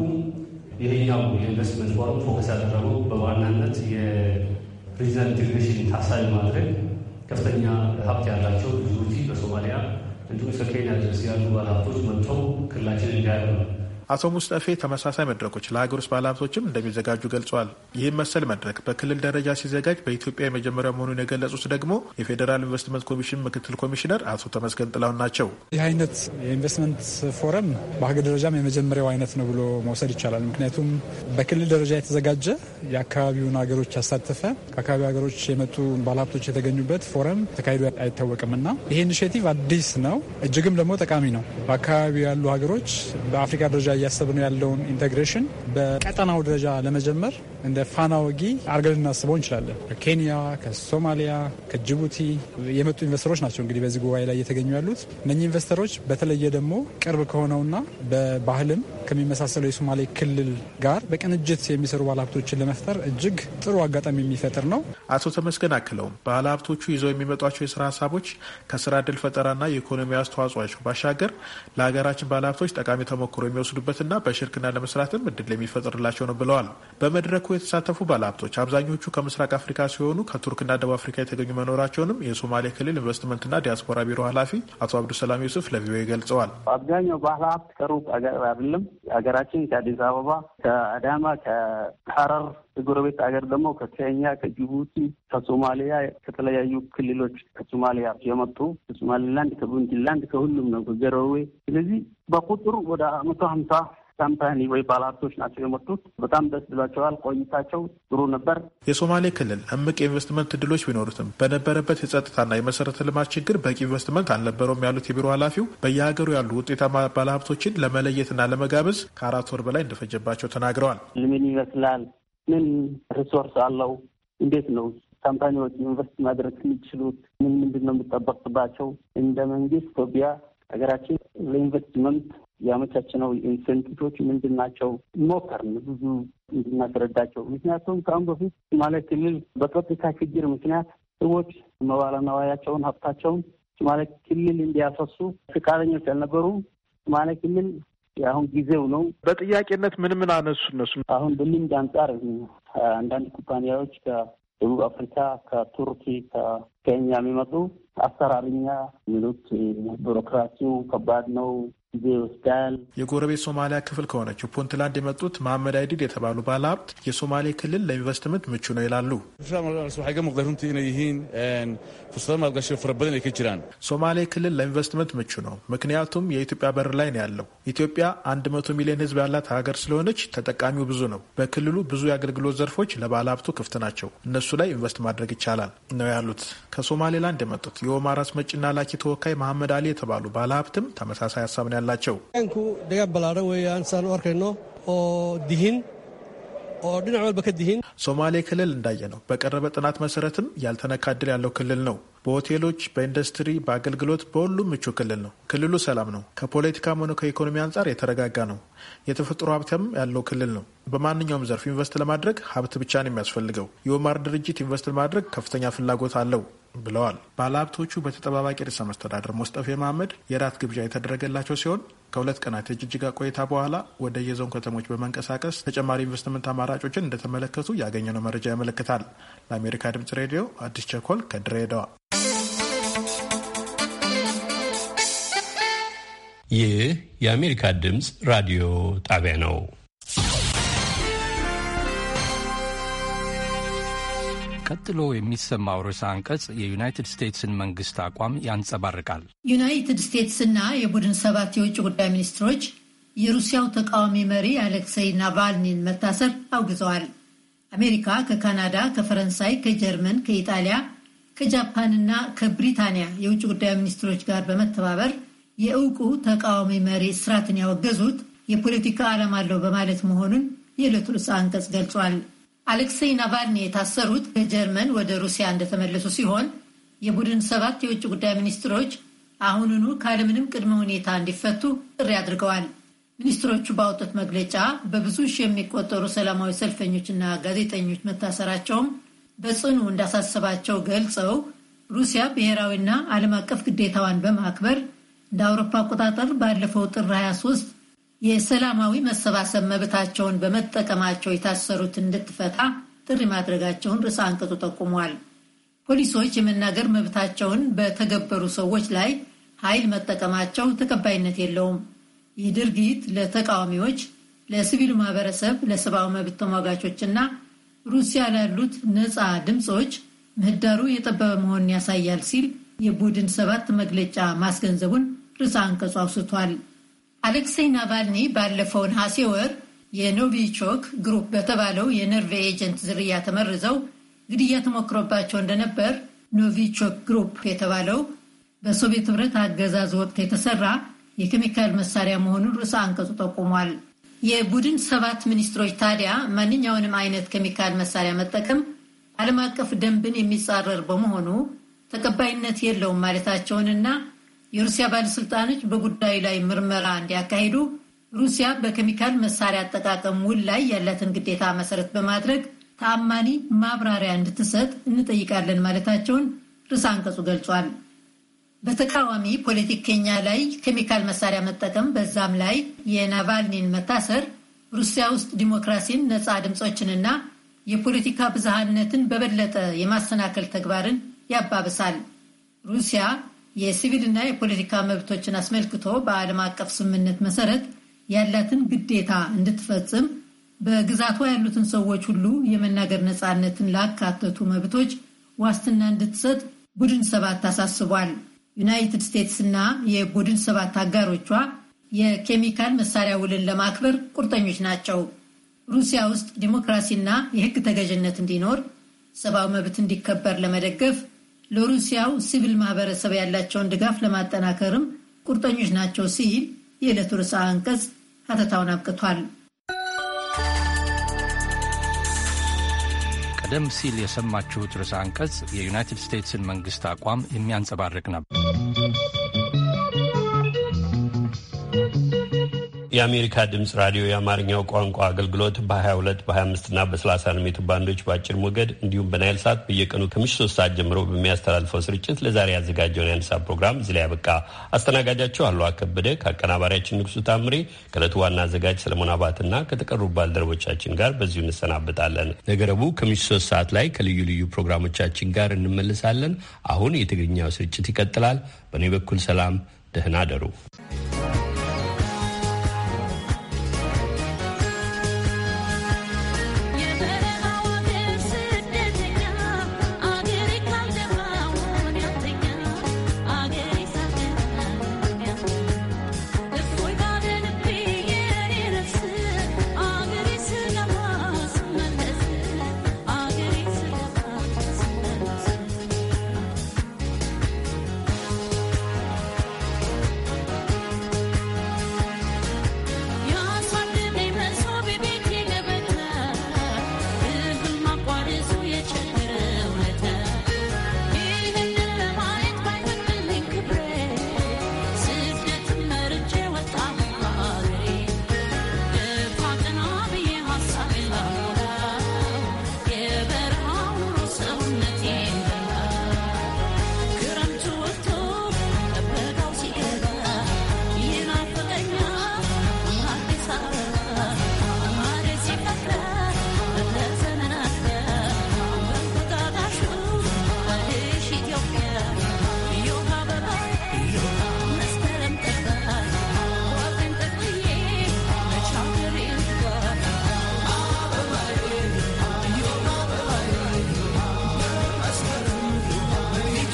ይሄኛው የኢንቨስትመንት ፎረም ፎከስ ያደረገው በዋናነት የሪጅናል ኢንቴግሬሽን ታሳቢ ማድረግ ከፍተኛ ሀብት ያላቸው ጅቡቲ በሶማሊያ እንዲሁም እስከ ኬንያ ድረስ ያሉ ባለሀብቶች መጥተው ክልላችን እንዲያዩ
ነው። አቶ ሙስጠፌ ተመሳሳይ መድረኮች ለሀገር ውስጥ ባለሀብቶችም እንደሚዘጋጁ ገልጸዋል። ይህም መሰል መድረክ በክልል ደረጃ ሲዘጋጅ በኢትዮጵያ የመጀመሪያ መሆኑን የገለጹት ደግሞ የፌዴራል ኢንቨስትመንት ኮሚሽን ምክትል ኮሚሽነር አቶ ተመስገን ጥላሁን ናቸው። ይህ አይነት የኢንቨስትመንት
ፎረም በሀገር ደረጃም የመጀመሪያው አይነት ነው ብሎ መውሰድ ይቻላል። ምክንያቱም በክልል ደረጃ የተዘጋጀ የአካባቢውን ሀገሮች ያሳተፈ ከአካባቢ ሀገሮች የመጡ ባለሀብቶች የተገኙበት ፎረም ተካሂዶ አይታወቅም እና ይህ ኢኒሽቲቭ አዲስ ነው፣ እጅግም ደግሞ ጠቃሚ ነው። በአካባቢው ያሉ ሀገሮች በአፍሪካ ደረጃ እያሰብነው ያለውን ኢንቴግሬሽን በቀጠናው ደረጃ ለመጀመር እንደ ፋናወጊ አርገን ልናስበው እንችላለን። ከኬንያ፣ ከሶማሊያ፣ ከጅቡቲ የመጡ ኢንቨስተሮች ናቸው እንግዲህ በዚህ ጉባኤ ላይ እየተገኙ ያሉት። እነኚህ ኢንቨስተሮች በተለየ ደግሞ ቅርብ ከሆነውና በባህልም ከሚመሳሰለው የሶማሌ ክልል ጋር በቅንጅት
የሚሰሩ ባለሀብቶችን ለመፍጠር እጅግ ጥሩ አጋጣሚ የሚፈጥር ነው። አቶ ተመስገን አክለውም ባለሀብቶቹ ይዘው የሚመጧቸው የስራ ሀሳቦች ከስራ እድል ፈጠራና የኢኮኖሚ አስተዋጽኦቸው ባሻገር ለሀገራችን ባለሀብቶች ጠቃሚ ተሞክሮ የሚወስዱበት ለሚያድጉበትና በሽርክና ለመስራትም እድል የሚፈጥርላቸው ነው ብለዋል። በመድረኩ የተሳተፉ ባለሀብቶች አብዛኞቹ ከምስራቅ አፍሪካ ሲሆኑ ከቱርክና ደቡብ አፍሪካ የተገኙ መኖራቸውንም የሶማሌ ክልል ኢንቨስትመንትና ዲያስፖራ ቢሮ ኃላፊ አቶ አብዱሰላም ዩሱፍ ለቪኦኤ ገልጸዋል።
አብዛኛው ባለሀብት ከሩቅ አገር አይደለም። ሀገራችን ከአዲስ አበባ፣ ከአዳማ፣ ከሐረር ከጎረቤት ሀገር ደግሞ ከኬንያ፣ ከጅቡቲ፣ ከሶማሊያ ከተለያዩ ክልሎች ከሶማሊያ የመጡ ከሶማሊላንድ፣ ከቡንዲላንድ ከሁሉም ነው ከገረዌ ስለዚህ በቁጥር ወደ መቶ ሀምሳ ካምፓኒ ወይ ባለሀብቶች ናቸው የመጡት። በጣም ደስ ብሏቸዋል። ቆይታቸው ጥሩ ነበር።
የሶማሌ ክልል እምቅ የኢንቨስትመንት እድሎች ቢኖሩትም በነበረበት የጸጥታና የመሰረተ ልማት ችግር በቂ ኢንቨስትመንት አልነበረውም ያሉት የቢሮ ኃላፊው በየሀገሩ ያሉ ውጤታማ ባለሀብቶችን ለመለየትና ለመጋበዝ ከአራት ወር በላይ እንደፈጀባቸው ተናግረዋል።
ምን ይመስላል ምን ሪሶርስ አለው? እንዴት ነው ካምፓኒዎች ኢንቨስት ማድረግ የሚችሉት? ምን ምንድን ነው የሚጠበቅባቸው? እንደ መንግስት ኢትዮጵያ ሀገራችን ለኢንቨስትመንት ያመቻችነው ኢንሴንቲቶች ምንድን ናቸው? ሞከርን ብዙ እንድናስረዳቸው። ምክንያቱም ከአሁን በፊት ሶማሌ ክልል በጸጥታ ችግር ምክንያት ሰዎች መዋለ ንዋያቸውን ሀብታቸውን ሶማሌ ክልል እንዲያፈሱ ፍቃደኞች አልነበሩም። ሶማሌ ክልል የአሁን ጊዜው ነው። በጥያቄነት ምን ምን አነሱ እነሱ? አሁን በልምድ አንጻር አንዳንድ ኩባንያዎች ከደቡብ አፍሪካ፣ ከቱርኪ፣ ከኬንያ የሚመጡ አሰራርኛ የሚሉት ቢሮክራሲው ከባድ ነው ጊዜ ይወስዳል።
የጎረቤት ሶማሊያ ክፍል ከሆነችው ፑንትላንድ የመጡት መሐመድ አይዲድ የተባሉ ባለሀብት የሶማሌ ክልል ለኢንቨስትመንት ምቹ ነው ይላሉ። ሶማሌ ክልል ለኢንቨስትመንት ምቹ ነው፣ ምክንያቱም የኢትዮጵያ በር ላይ ነው ያለው። ኢትዮጵያ 100 ሚሊዮን ሕዝብ ያላት ሀገር ስለሆነች ተጠቃሚው ብዙ ነው። በክልሉ ብዙ የአገልግሎት ዘርፎች ለባለሀብቱ ክፍት ናቸው። እነሱ ላይ ኢንቨስት ማድረግ ይቻላል ነው ያሉት። ከሶማሌላንድ የመጡት የኦማር አስመጪና ላኪ ተወካይ መሐመድ አሊ የተባሉ ባለሀብትም ተመሳሳይ ሀሳብ ነው ያላቸው። ንኩ ደጋ በላረ ወያንሳን ወርከኖ ድህን ሶማሌ ክልል እንዳየ ነው። በቀረበ ጥናት መሰረትም ያልተነካ እድል ያለው ክልል ነው። በሆቴሎች፣ በኢንዱስትሪ፣ በአገልግሎት፣ በሁሉም ምቹ ክልል ነው። ክልሉ ሰላም ነው። ከፖለቲካም ሆነ ከኢኮኖሚ አንጻር የተረጋጋ ነው። የተፈጥሮ ሀብትም ያለው ክልል ነው። በማንኛውም ዘርፍ ኢንቨስት ለማድረግ ሀብት ብቻ ነው የሚያስፈልገው። የኦማር ድርጅት ኢንቨስት ለማድረግ ከፍተኛ ፍላጎት አለው ብለዋል። ባለሀብቶቹ በተጠባባቂ ርዕሰ መስተዳድር ሙስጠፌ መሀመድ የራት ግብዣ የተደረገላቸው ሲሆን ከሁለት ቀናት የጅጅጋ ቆይታ በኋላ ወደ የዞን ከተሞች በመንቀሳቀስ ተጨማሪ ኢንቨስትመንት አማራጮችን እንደተመለከቱ ያገኘነው መረጃ ያመለክታል። ለአሜሪካ ድምጽ ሬዲዮ አዲስ ቸኮል ከድሬዳዋ። ይህ
የአሜሪካ ድምፅ ራዲዮ ጣቢያ ነው።
ቀጥሎ የሚሰማው ርዕሰ አንቀጽ የዩናይትድ ስቴትስን መንግስት አቋም ያንጸባርቃል።
ዩናይትድ ስቴትስና የቡድን ሰባት የውጭ ጉዳይ ሚኒስትሮች የሩሲያው ተቃዋሚ መሪ አሌክሰይ ናቫልኒን መታሰር አውግዘዋል። አሜሪካ ከካናዳ፣ ከፈረንሳይ፣ ከጀርመን፣ ከኢጣሊያ፣ ከጃፓንና ከብሪታንያ የውጭ ጉዳይ ሚኒስትሮች ጋር በመተባበር የእውቁ ተቃዋሚ መሪ እስራትን ያወገዙት የፖለቲካ ዓላማ አለው በማለት መሆኑን የዕለቱ ርዕሰ አንቀጽ ገልጿል። አሌክሴይ ናቫልኒ የታሰሩት ከጀርመን ወደ ሩሲያ እንደተመለሱ ሲሆን የቡድን ሰባት የውጭ ጉዳይ ሚኒስትሮች አሁኑኑ ካለምንም ቅድመ ሁኔታ እንዲፈቱ ጥሪ አድርገዋል። ሚኒስትሮቹ ባወጡት መግለጫ በብዙ ሺህ የሚቆጠሩ ሰላማዊ ሰልፈኞችና ጋዜጠኞች መታሰራቸውም በጽኑ እንዳሳሰባቸው ገልጸው ሩሲያ ብሔራዊና ዓለም አቀፍ ግዴታዋን በማክበር እንደ አውሮፓ አቆጣጠር ባለፈው ጥር 23 የሰላማዊ መሰባሰብ መብታቸውን በመጠቀማቸው የታሰሩት እንድትፈታ ጥሪ ማድረጋቸውን ርዕሰ አንቀጹ ጠቁሟል። ፖሊሶች የመናገር መብታቸውን በተገበሩ ሰዎች ላይ ኃይል መጠቀማቸው ተቀባይነት የለውም። ይህ ድርጊት ለተቃዋሚዎች፣ ለሲቪሉ ማህበረሰብ፣ ለሰብአዊ መብት ተሟጋቾችና ሩሲያ ላሉት ነፃ ድምፆች ምህዳሩ የጠበበ መሆኑን ያሳያል ሲል የቡድን ሰባት መግለጫ ማስገንዘቡን ርዕሰ አንቀጹ አውስቷል። አሌክሴይ ናቫልኒ ባለፈው ነሐሴ ወር የኖቪቾክ ግሩፕ በተባለው የነርቭ ኤጀንት ዝርያ ተመርዘው ግድያ ተሞክሮባቸው እንደነበር ኖቪቾክ ግሩፕ የተባለው በሶቪየት ሕብረት አገዛዝ ወቅት የተሰራ የኬሚካል መሳሪያ መሆኑን ርዕሰ አንቀጹ ጠቁሟል። የቡድን ሰባት ሚኒስትሮች ታዲያ ማንኛውንም አይነት ኬሚካል መሳሪያ መጠቀም ዓለም አቀፍ ደንብን የሚጻረር በመሆኑ ተቀባይነት የለውም ማለታቸውንና የሩሲያ ባለሥልጣኖች በጉዳዩ ላይ ምርመራ እንዲያካሂዱ ሩሲያ በኬሚካል መሳሪያ አጠቃቀም ውል ላይ ያላትን ግዴታ መሰረት በማድረግ ተአማኒ ማብራሪያ እንድትሰጥ እንጠይቃለን ማለታቸውን ርዕሰ አንቀጹ ገልጿል። በተቃዋሚ ፖለቲከኛ ላይ ኬሚካል መሳሪያ መጠቀም በዛም ላይ የናቫልኒን መታሰር ሩሲያ ውስጥ ዲሞክራሲን፣ ነፃ ድምፆችንና የፖለቲካ ብዝሃነትን በበለጠ የማሰናከል ተግባርን ያባብሳል። ሩሲያ የሲቪልና የፖለቲካ መብቶችን አስመልክቶ በዓለም አቀፍ ስምምነት መሰረት ያላትን ግዴታ እንድትፈጽም በግዛቷ ያሉትን ሰዎች ሁሉ የመናገር ነፃነትን ላካተቱ መብቶች ዋስትና እንድትሰጥ ቡድን ሰባት አሳስቧል። ዩናይትድ ስቴትስና የቡድን ሰባት አጋሮቿ የኬሚካል መሳሪያ ውልን ለማክበር ቁርጠኞች ናቸው። ሩሲያ ውስጥ ዲሞክራሲና የሕግ ተገዥነት እንዲኖር፣ ሰብአዊ መብት እንዲከበር ለመደገፍ ለሩሲያው ሲቪል ማህበረሰብ ያላቸውን ድጋፍ ለማጠናከርም ቁርጠኞች ናቸው ሲል የዕለቱ ርዕሰ አንቀጽ ሀተታውን አብቅቷል።
ቀደም ሲል የሰማችሁት ርዕሰ አንቀጽ የዩናይትድ ስቴትስን መንግስት አቋም የሚያንጸባርቅ ነበር።
የአሜሪካ ድምጽ ራዲዮ የአማርኛው ቋንቋ አገልግሎት በ22 በ25 እና በ30 ሜትር ባንዶች በአጭር ሞገድ እንዲሁም በናይል ሳት በየቀኑ ከምሽ 3 ሰዓት ጀምሮ በሚያስተላልፈው ስርጭት ለዛሬ ያዘጋጀውን የአንድ ሰዓት ፕሮግራም እዚህ ላይ ያበቃ። አስተናጋጃቸው አሉ አከበደ ከአቀናባሪያችን ንጉሱ ታምሬ ከእለቱ ዋና አዘጋጅ ሰለሞን አባትና ከተቀሩ ባልደረቦቻችን ጋር በዚሁ እንሰናበታለን። ነገ ረቡዕ ከምሽቱ ሶስት ሰዓት ላይ ከልዩ ልዩ ፕሮግራሞቻችን ጋር እንመልሳለን። አሁን የትግርኛው ስርጭት ይቀጥላል። በእኔ በኩል ሰላም፣ ደህና አደሩ።